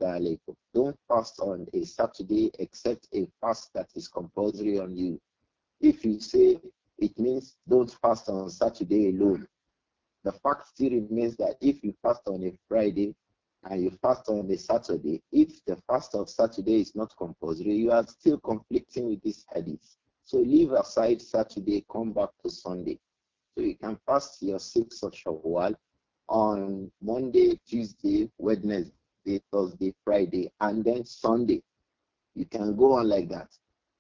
Don't fast on a Saturday except a fast that is compulsory on you. If you say it means don't fast on Saturday alone, the fact still remains that if you fast on a Friday and you fast on a Saturday, if the fast of Saturday is not compulsory, you are still conflicting with this hadith. So leave aside Saturday, come back to Sunday. So you can fast your six of Shawwal on Monday, Tuesday, Wednesday, Thursday, Friday, and then Sunday. You can go on like that.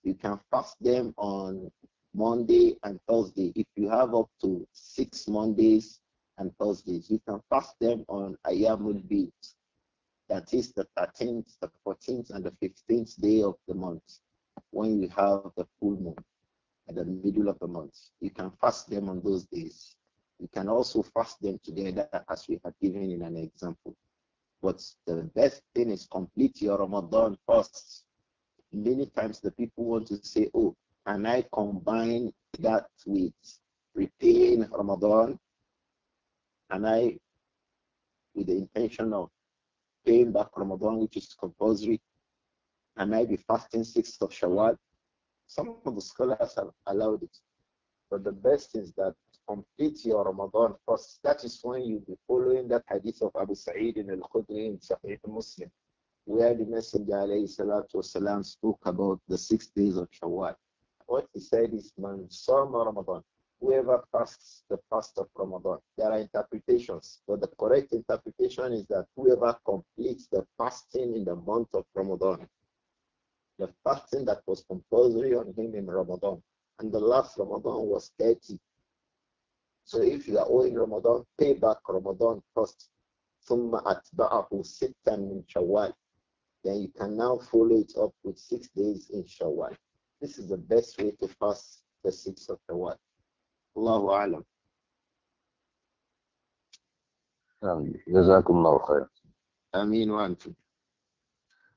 You can fast them on Monday and Thursday. If you have up to six Mondays and Thursdays, you can fast them on Ayamul Beat. That is the 13th, the 14th, and the 15th day of the month when you have the full moon at the middle of the month. You can fast them on those days. You can also fast them together as we have given in an example. But the best thing is complete your Ramadan fasts. Many times the people want to say, oh, can I combine that with repaying Ramadan? And I, with the intention of paying back Ramadan, which is compulsory, and I be fasting six of Shawwal? Some of the scholars have allowed it. But the best is that complete your Ramadan fast. That is when you'll be following that hadith of Abu Sa'id in Al-Khudri in Sahih Muslim, where the Messenger والسلام, spoke about the six days of Shawwal. What he said is, Man some Ramadan, whoever fasts the fast of Ramadan. There are interpretations, but the correct interpretation is that whoever completes the fasting in the month of Ramadan, the fasting that was compulsory on him in Ramadan, and the last Ramadan was 30, so if you are owing Ramadan, pay back Ramadan first. ثم أتبعه ستا من Shawwal, then you can now follow it up with six days in Shawwal. This is the best way to fast the six of Shawwal. Allahu Alam. جزاكم الله خير. Ameen wa antum.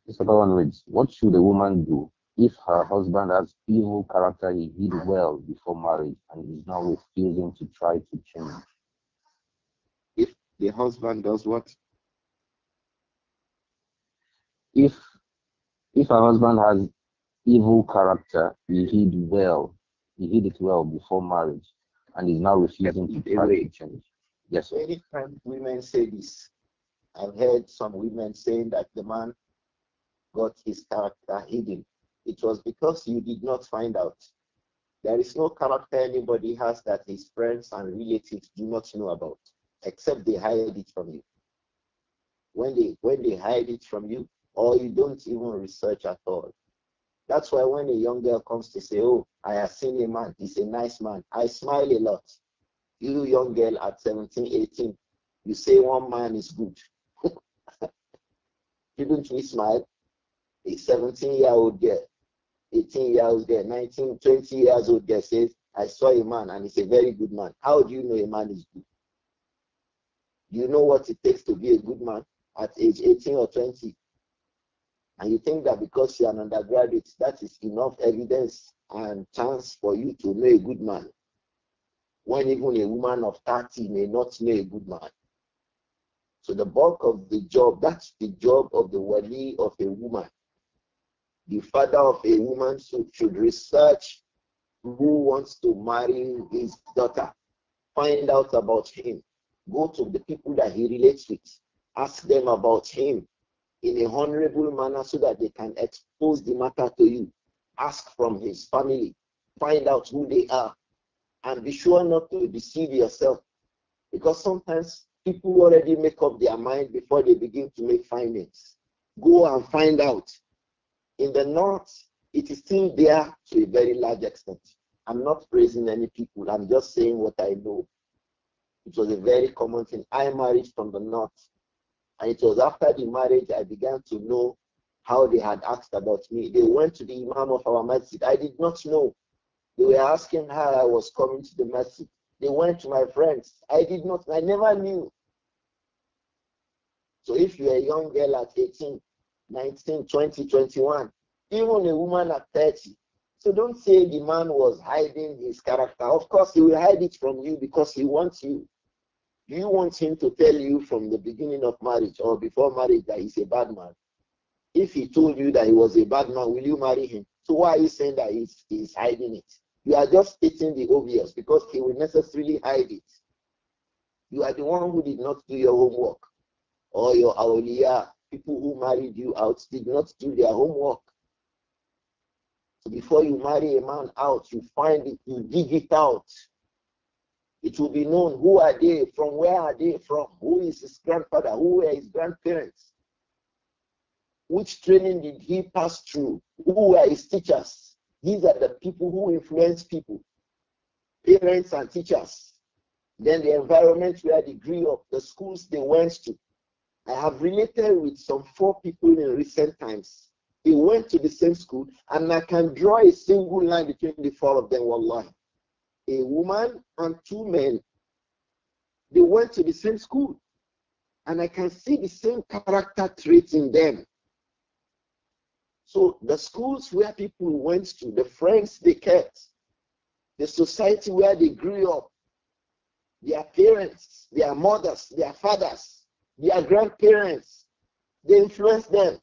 It's about one reads, what should a woman do if her husband has evil character, he did well before marriage and is now refusing to try to change. If the husband does what? If if her husband has evil character, he hid well, he hid it well before marriage and is now refusing to try to change. Yes, sir. Many times women say this. I've heard some women saying that the man got his character hidden it was because you did not find out. There is no character anybody has that his friends and relatives do not know about, except they hide it from you. When they when they hide it from you, or you don't even research at all. That's why when a young girl comes to say, Oh, I have seen a man, he's a nice man, I smile a lot. You young girl at 17, 18, you say one man is good. Didn't we smile? A 17 year old girl 18 years there, 19, 20 years old there says, I saw a man and he's a very good man. How do you know a man is good? Do you know what it takes to be a good man at age 18 or 20? And you think that because you're an undergraduate, that is enough evidence and chance for you to know a good man. When even a woman of 30 may not know a good man. So the bulk of the job, that's the job of the wali of a woman the father of a woman should research who wants to marry his daughter. Find out about him. Go to the people that he relates with. Ask them about him in a honorable manner so that they can expose the matter to you. Ask from his family. Find out who they are. And be sure not to deceive yourself. Because sometimes people already make up their mind before they begin to make findings. Go and find out. In the north, it is still there to a very large extent. I'm not praising any people. I'm just saying what I know. It was a very common thing. I married from the north. And it was after the marriage I began to know how they had asked about me. They went to the Imam of our masjid. I did not know. They were asking how I was coming to the masjid. They went to my friends. I did not, I never knew. So if you're a young girl at 18 19, 20, 21, even a woman at 30. So don't say the man was hiding his character. Of course, he will hide it from you because he wants you. Do you want him to tell you from the beginning of marriage or before marriage that he's a bad man? If he told you that he was a bad man, will you marry him? So why are you saying that he's, he's hiding it? You are just stating the obvious because he will necessarily hide it. You are the one who did not do your homework or your awliya people who married you out did not do their homework. So before you marry a man out, you find it, you dig it out. It will be known who are they, from where are they from, who is his grandfather, who were his grandparents, which training did he pass through, who were his teachers. These are the people who influence people, parents and teachers. Then the environment where they grew up, the schools they went to, I have related with some four people in recent times. They went to the same school, and I can draw a single line between the four of them, wallahi. A woman and two men. They went to the same school, and I can see the same character traits in them. So the schools where people went to, the friends they kept, the society where they grew up, their parents, their mothers, their fathers, their grandparents, they influence them.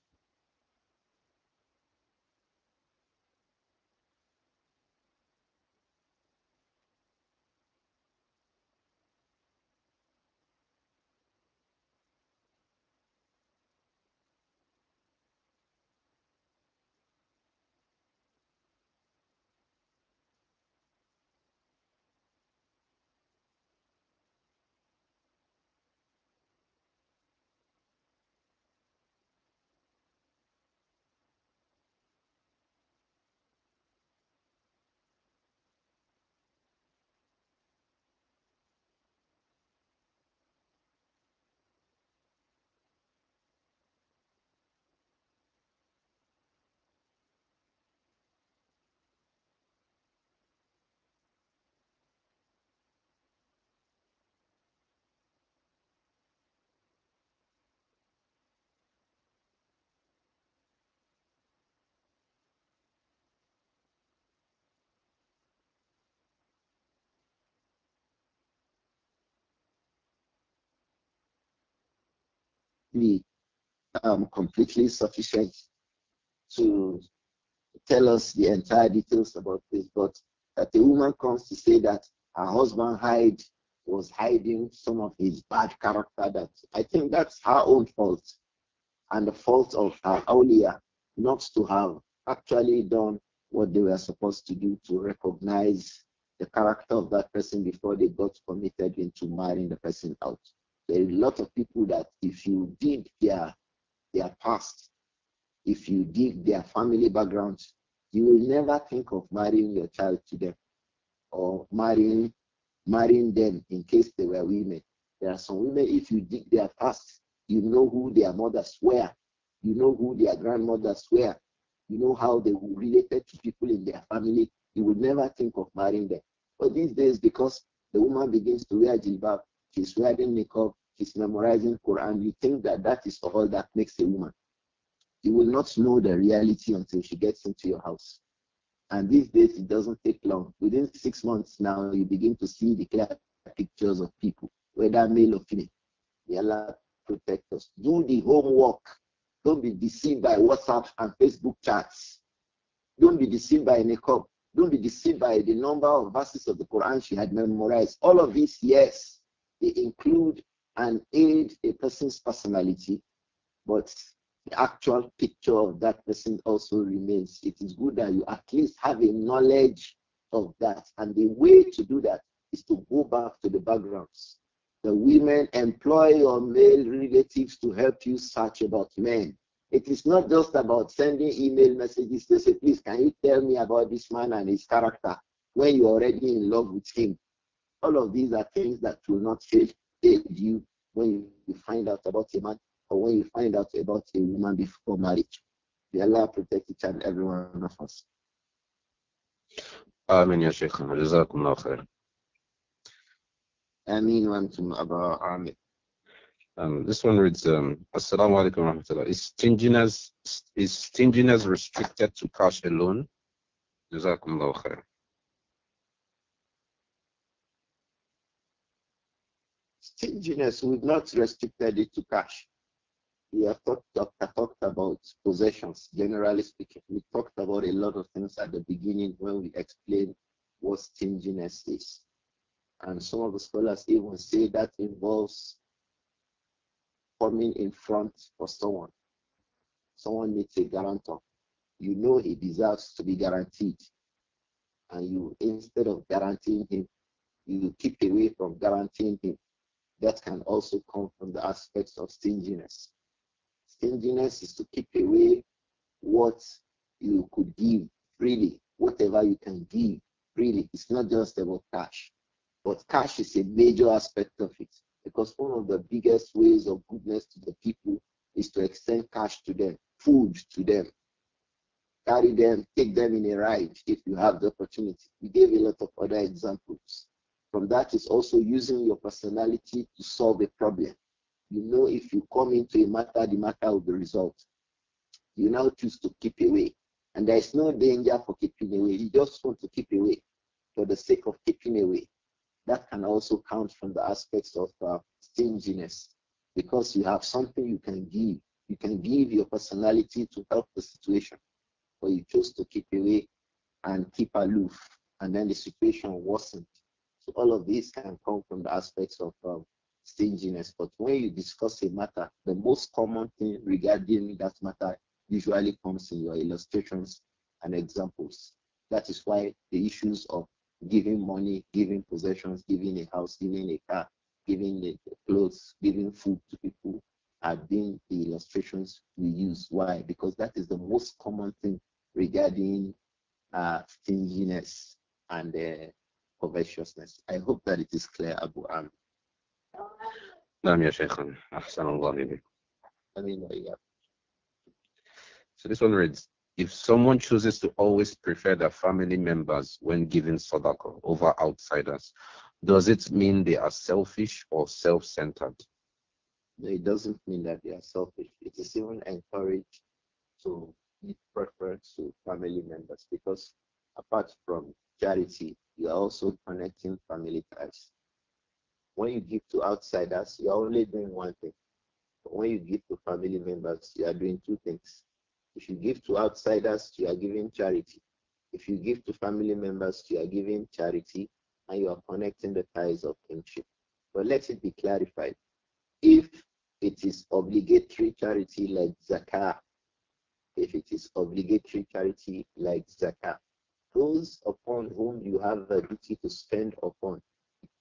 be um, completely sufficient to tell us the entire details about this, but that a woman comes to say that her husband hide was hiding some of his bad character that I think that's her own fault and the fault of her awliya not to have actually done what they were supposed to do to recognize the character of that person before they got committed into marrying the person out. There are a lot of people that if you dig their their past, if you dig their family backgrounds, you will never think of marrying your child to them or marrying marrying them in case they were women. There are some women, if you dig their past, you know who their mothers were, you know who their grandmothers were, you know how they were related to people in their family. You would never think of marrying them. But these days, because the woman begins to wear jilbab, he's wearing makeup, he's memorizing Quran. You think that that is all that makes a woman. You will not know the reality until she gets into your house. And these days, it doesn't take long. Within six months now, you begin to see the clear pictures of people, whether male or female. May Allah protect us. Do the homework. Don't be deceived by WhatsApp and Facebook chats. Don't be deceived by makeup. Don't be deceived by the number of verses of the Quran she had memorized. All of this, yes, they include and aid a person's personality, but the actual picture of that person also remains. It is good that you at least have a knowledge of that. And the way to do that is to go back to the backgrounds. The women employ your male relatives to help you search about men. It is not just about sending email messages to say, please, can you tell me about this man and his character when you're already in love with him? All of these are things that will not change you when you find out about a man or when you find out about a woman before marriage. May Allah protect each and every one of us. آمين ya شيخنا جزاكم الله خير آمين وأنتم أبا عامر um, this one reads, um, Assalamu alaikum rahmatullah. Is stinginess, is stinginess restricted to cash alone? Jazakumullah khair. stinginess, we've not restricted it to cash. We have talked, talked, talked about possessions, generally speaking. We talked about a lot of things at the beginning when we explained what stinginess is. And some of the scholars even say that involves coming in front for someone. Someone needs a guarantor. You know he deserves to be guaranteed. And you, instead of guaranteeing him, you keep away from guaranteeing him that can also come from the aspects of stinginess. Stinginess is to keep away what you could give freely, whatever you can give freely. It's not just about cash, but cash is a major aspect of it because one of the biggest ways of goodness to the people is to extend cash to them, food to them, carry them, take them in a ride if you have the opportunity. We gave a lot of other examples. From that is also using your personality to solve a problem. You know, if you come into a matter, the matter will be resolved. You now choose to keep away. And there is no danger for keeping away. You just want to keep away for the sake of keeping away. That can also count from the aspects of uh, stinginess because you have something you can give. You can give your personality to help the situation, but you choose to keep away and keep aloof. And then the situation worsens. So all of these can come from the aspects of um, stinginess. But when you discuss a matter, the most common thing regarding that matter usually comes in your illustrations and examples. That is why the issues of giving money, giving possessions, giving a house, giving a car, giving the clothes, giving food to people are being the illustrations we use. Why? Because that is the most common thing regarding uh, stinginess and uh, covetousness. I hope that it is clear, Abu Am. So this one reads, if someone chooses to always prefer their family members when giving sadaqah over outsiders, does it mean they are selfish or self-centered? It doesn't mean that they are selfish. It is even encouraged to give preference to family members because apart from charity, you are also connecting family ties. When you give to outsiders, you are only doing one thing. But when you give to family members, you are doing two things. If you give to outsiders, you are giving charity. If you give to family members, you are giving charity and you are connecting the ties of kinship. But let it be clarified. If it is obligatory charity like zakah, if it is obligatory charity like zakah, those upon whom you have a duty to spend upon,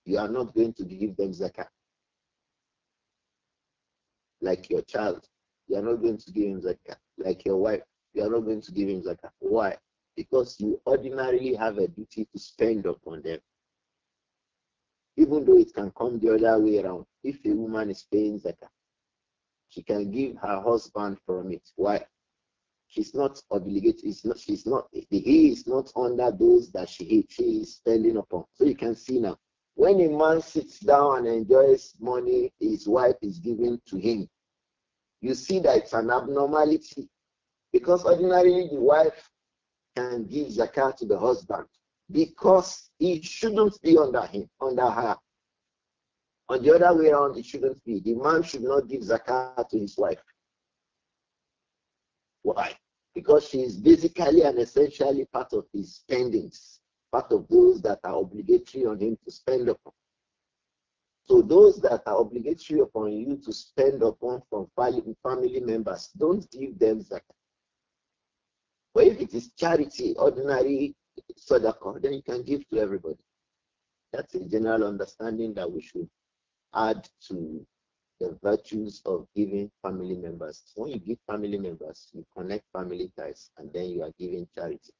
you are not going to give them zakat. Like your child, you are not going to give him zakat. Like your wife, you are not going to give him zakat. Why? Because you ordinarily have a duty to spend upon them. Even though it can come the other way around, if a woman is paying zakat, she can give her husband from it. Why? she's not obligated, she's not, she's not, he is not under those that she, she is spending upon. So you can see now, when a man sits down and enjoys money his wife is giving to him, you see that it's an abnormality because ordinarily the wife can give zakat to the husband because it shouldn't be under him, under her. On the other way around, it shouldn't be. The man should not give zakat to his wife. Why? because she is basically and essentially part of his spendings, part of those that are obligatory on him to spend upon. So those that are obligatory upon you to spend upon from family members, don't give them zakat. But if it is charity, ordinary sadaqah, then you can give to everybody. That's a general understanding that we should add to the virtues of giving family members. When you give family members, you connect family ties and then you are giving charity.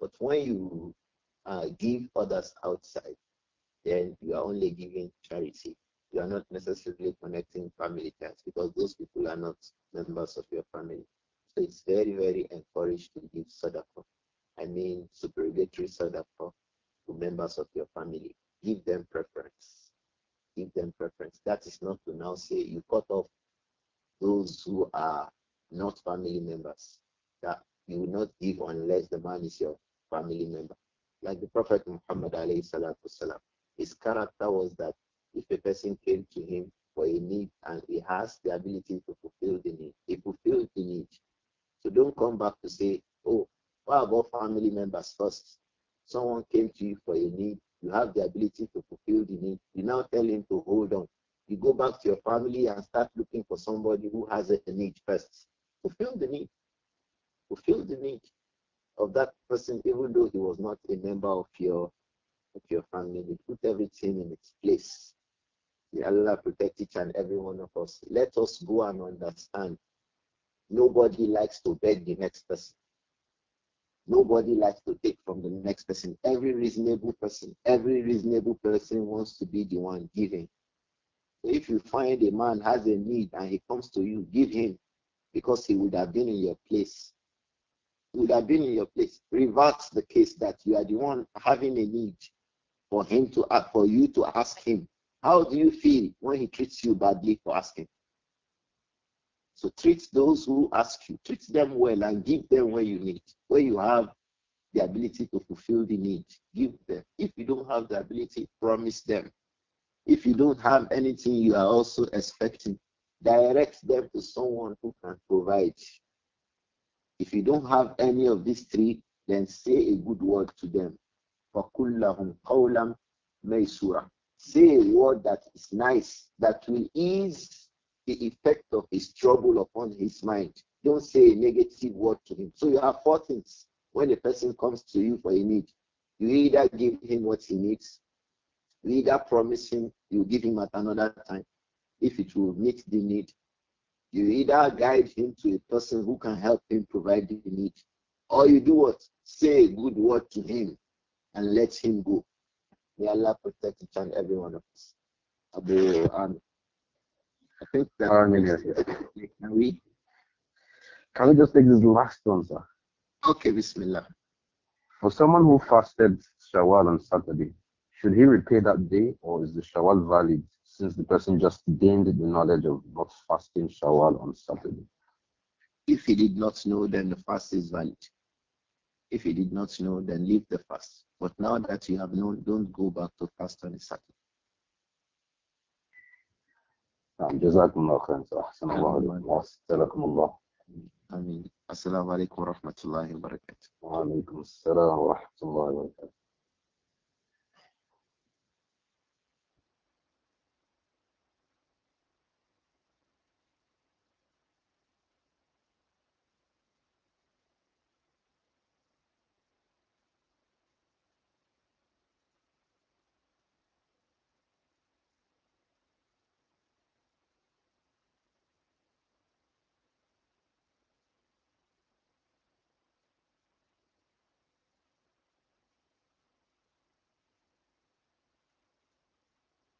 But when you uh, give others outside, then you are only giving charity. You are not necessarily connecting family ties because those people are not members of your family. So it's very, very encouraged to give sadaqah. I mean, supererogatory sadaqah to members of your family. Give them preference give them preference. That is not to now say you cut off those who are not family members. That you will not give unless the man is your family member. Like the Prophet Muhammad والسلام, his character was that if a person came to him for a need and he has the ability to fulfill the need, he fulfilled the need. So don't come back to say, oh, what about family members first? Someone came to you for a need you have the ability to fulfill the need. You now tell him to hold on. You go back to your family and start looking for somebody who has a need first. Fulfill the need. Fulfill the need of that person, even though he was not a member of your of your family. You put everything in its place. May Allah protect each and every one of us. Let us go and understand. Nobody likes to beg the next person. Nobody likes to take from the next person. Every reasonable person, every reasonable person wants to be the one giving. So if you find a man has a need and he comes to you, give him because he would have been in your place. He would have been in your place. Reverse the case that you are the one having a need for him to for you to ask him. How do you feel when he treats you badly for asking? So treat those who ask you, treat them well and give them where you need, where you have the ability to fulfill the need. Give them. If you don't have the ability, promise them. If you don't have anything you are also expecting, direct them to someone who can provide. If you don't have any of these three, then say a good word to them. Say a word that is nice, that will ease the effect of his trouble upon his mind. Don't say a negative word to him. So you have four things when a person comes to you for a need. You either give him what he needs, you either promise him you give him at another time if it will meet the need. You either guide him to a person who can help him provide the need, or you do what? Say a good word to him and let him go. May Allah protect each and every one of us. Abu I think can we? Can we just take this last one, sir? Okay, Bismillah. For someone who fasted Shawwal on Saturday, should he repay that day or is the Shawwal valid since the person just gained the knowledge of not fasting Shawwal on Saturday? If he did not know, then the fast is valid. If he did not know, then leave the fast. But now that you have known, don't go back to fast on Saturday. نعم جزاكم الله خيرا أحسن الله عليكم وأستلكم الله آمين السلام عليكم ورحمة الله وبركاته وعليكم السلام ورحمة الله وبركاته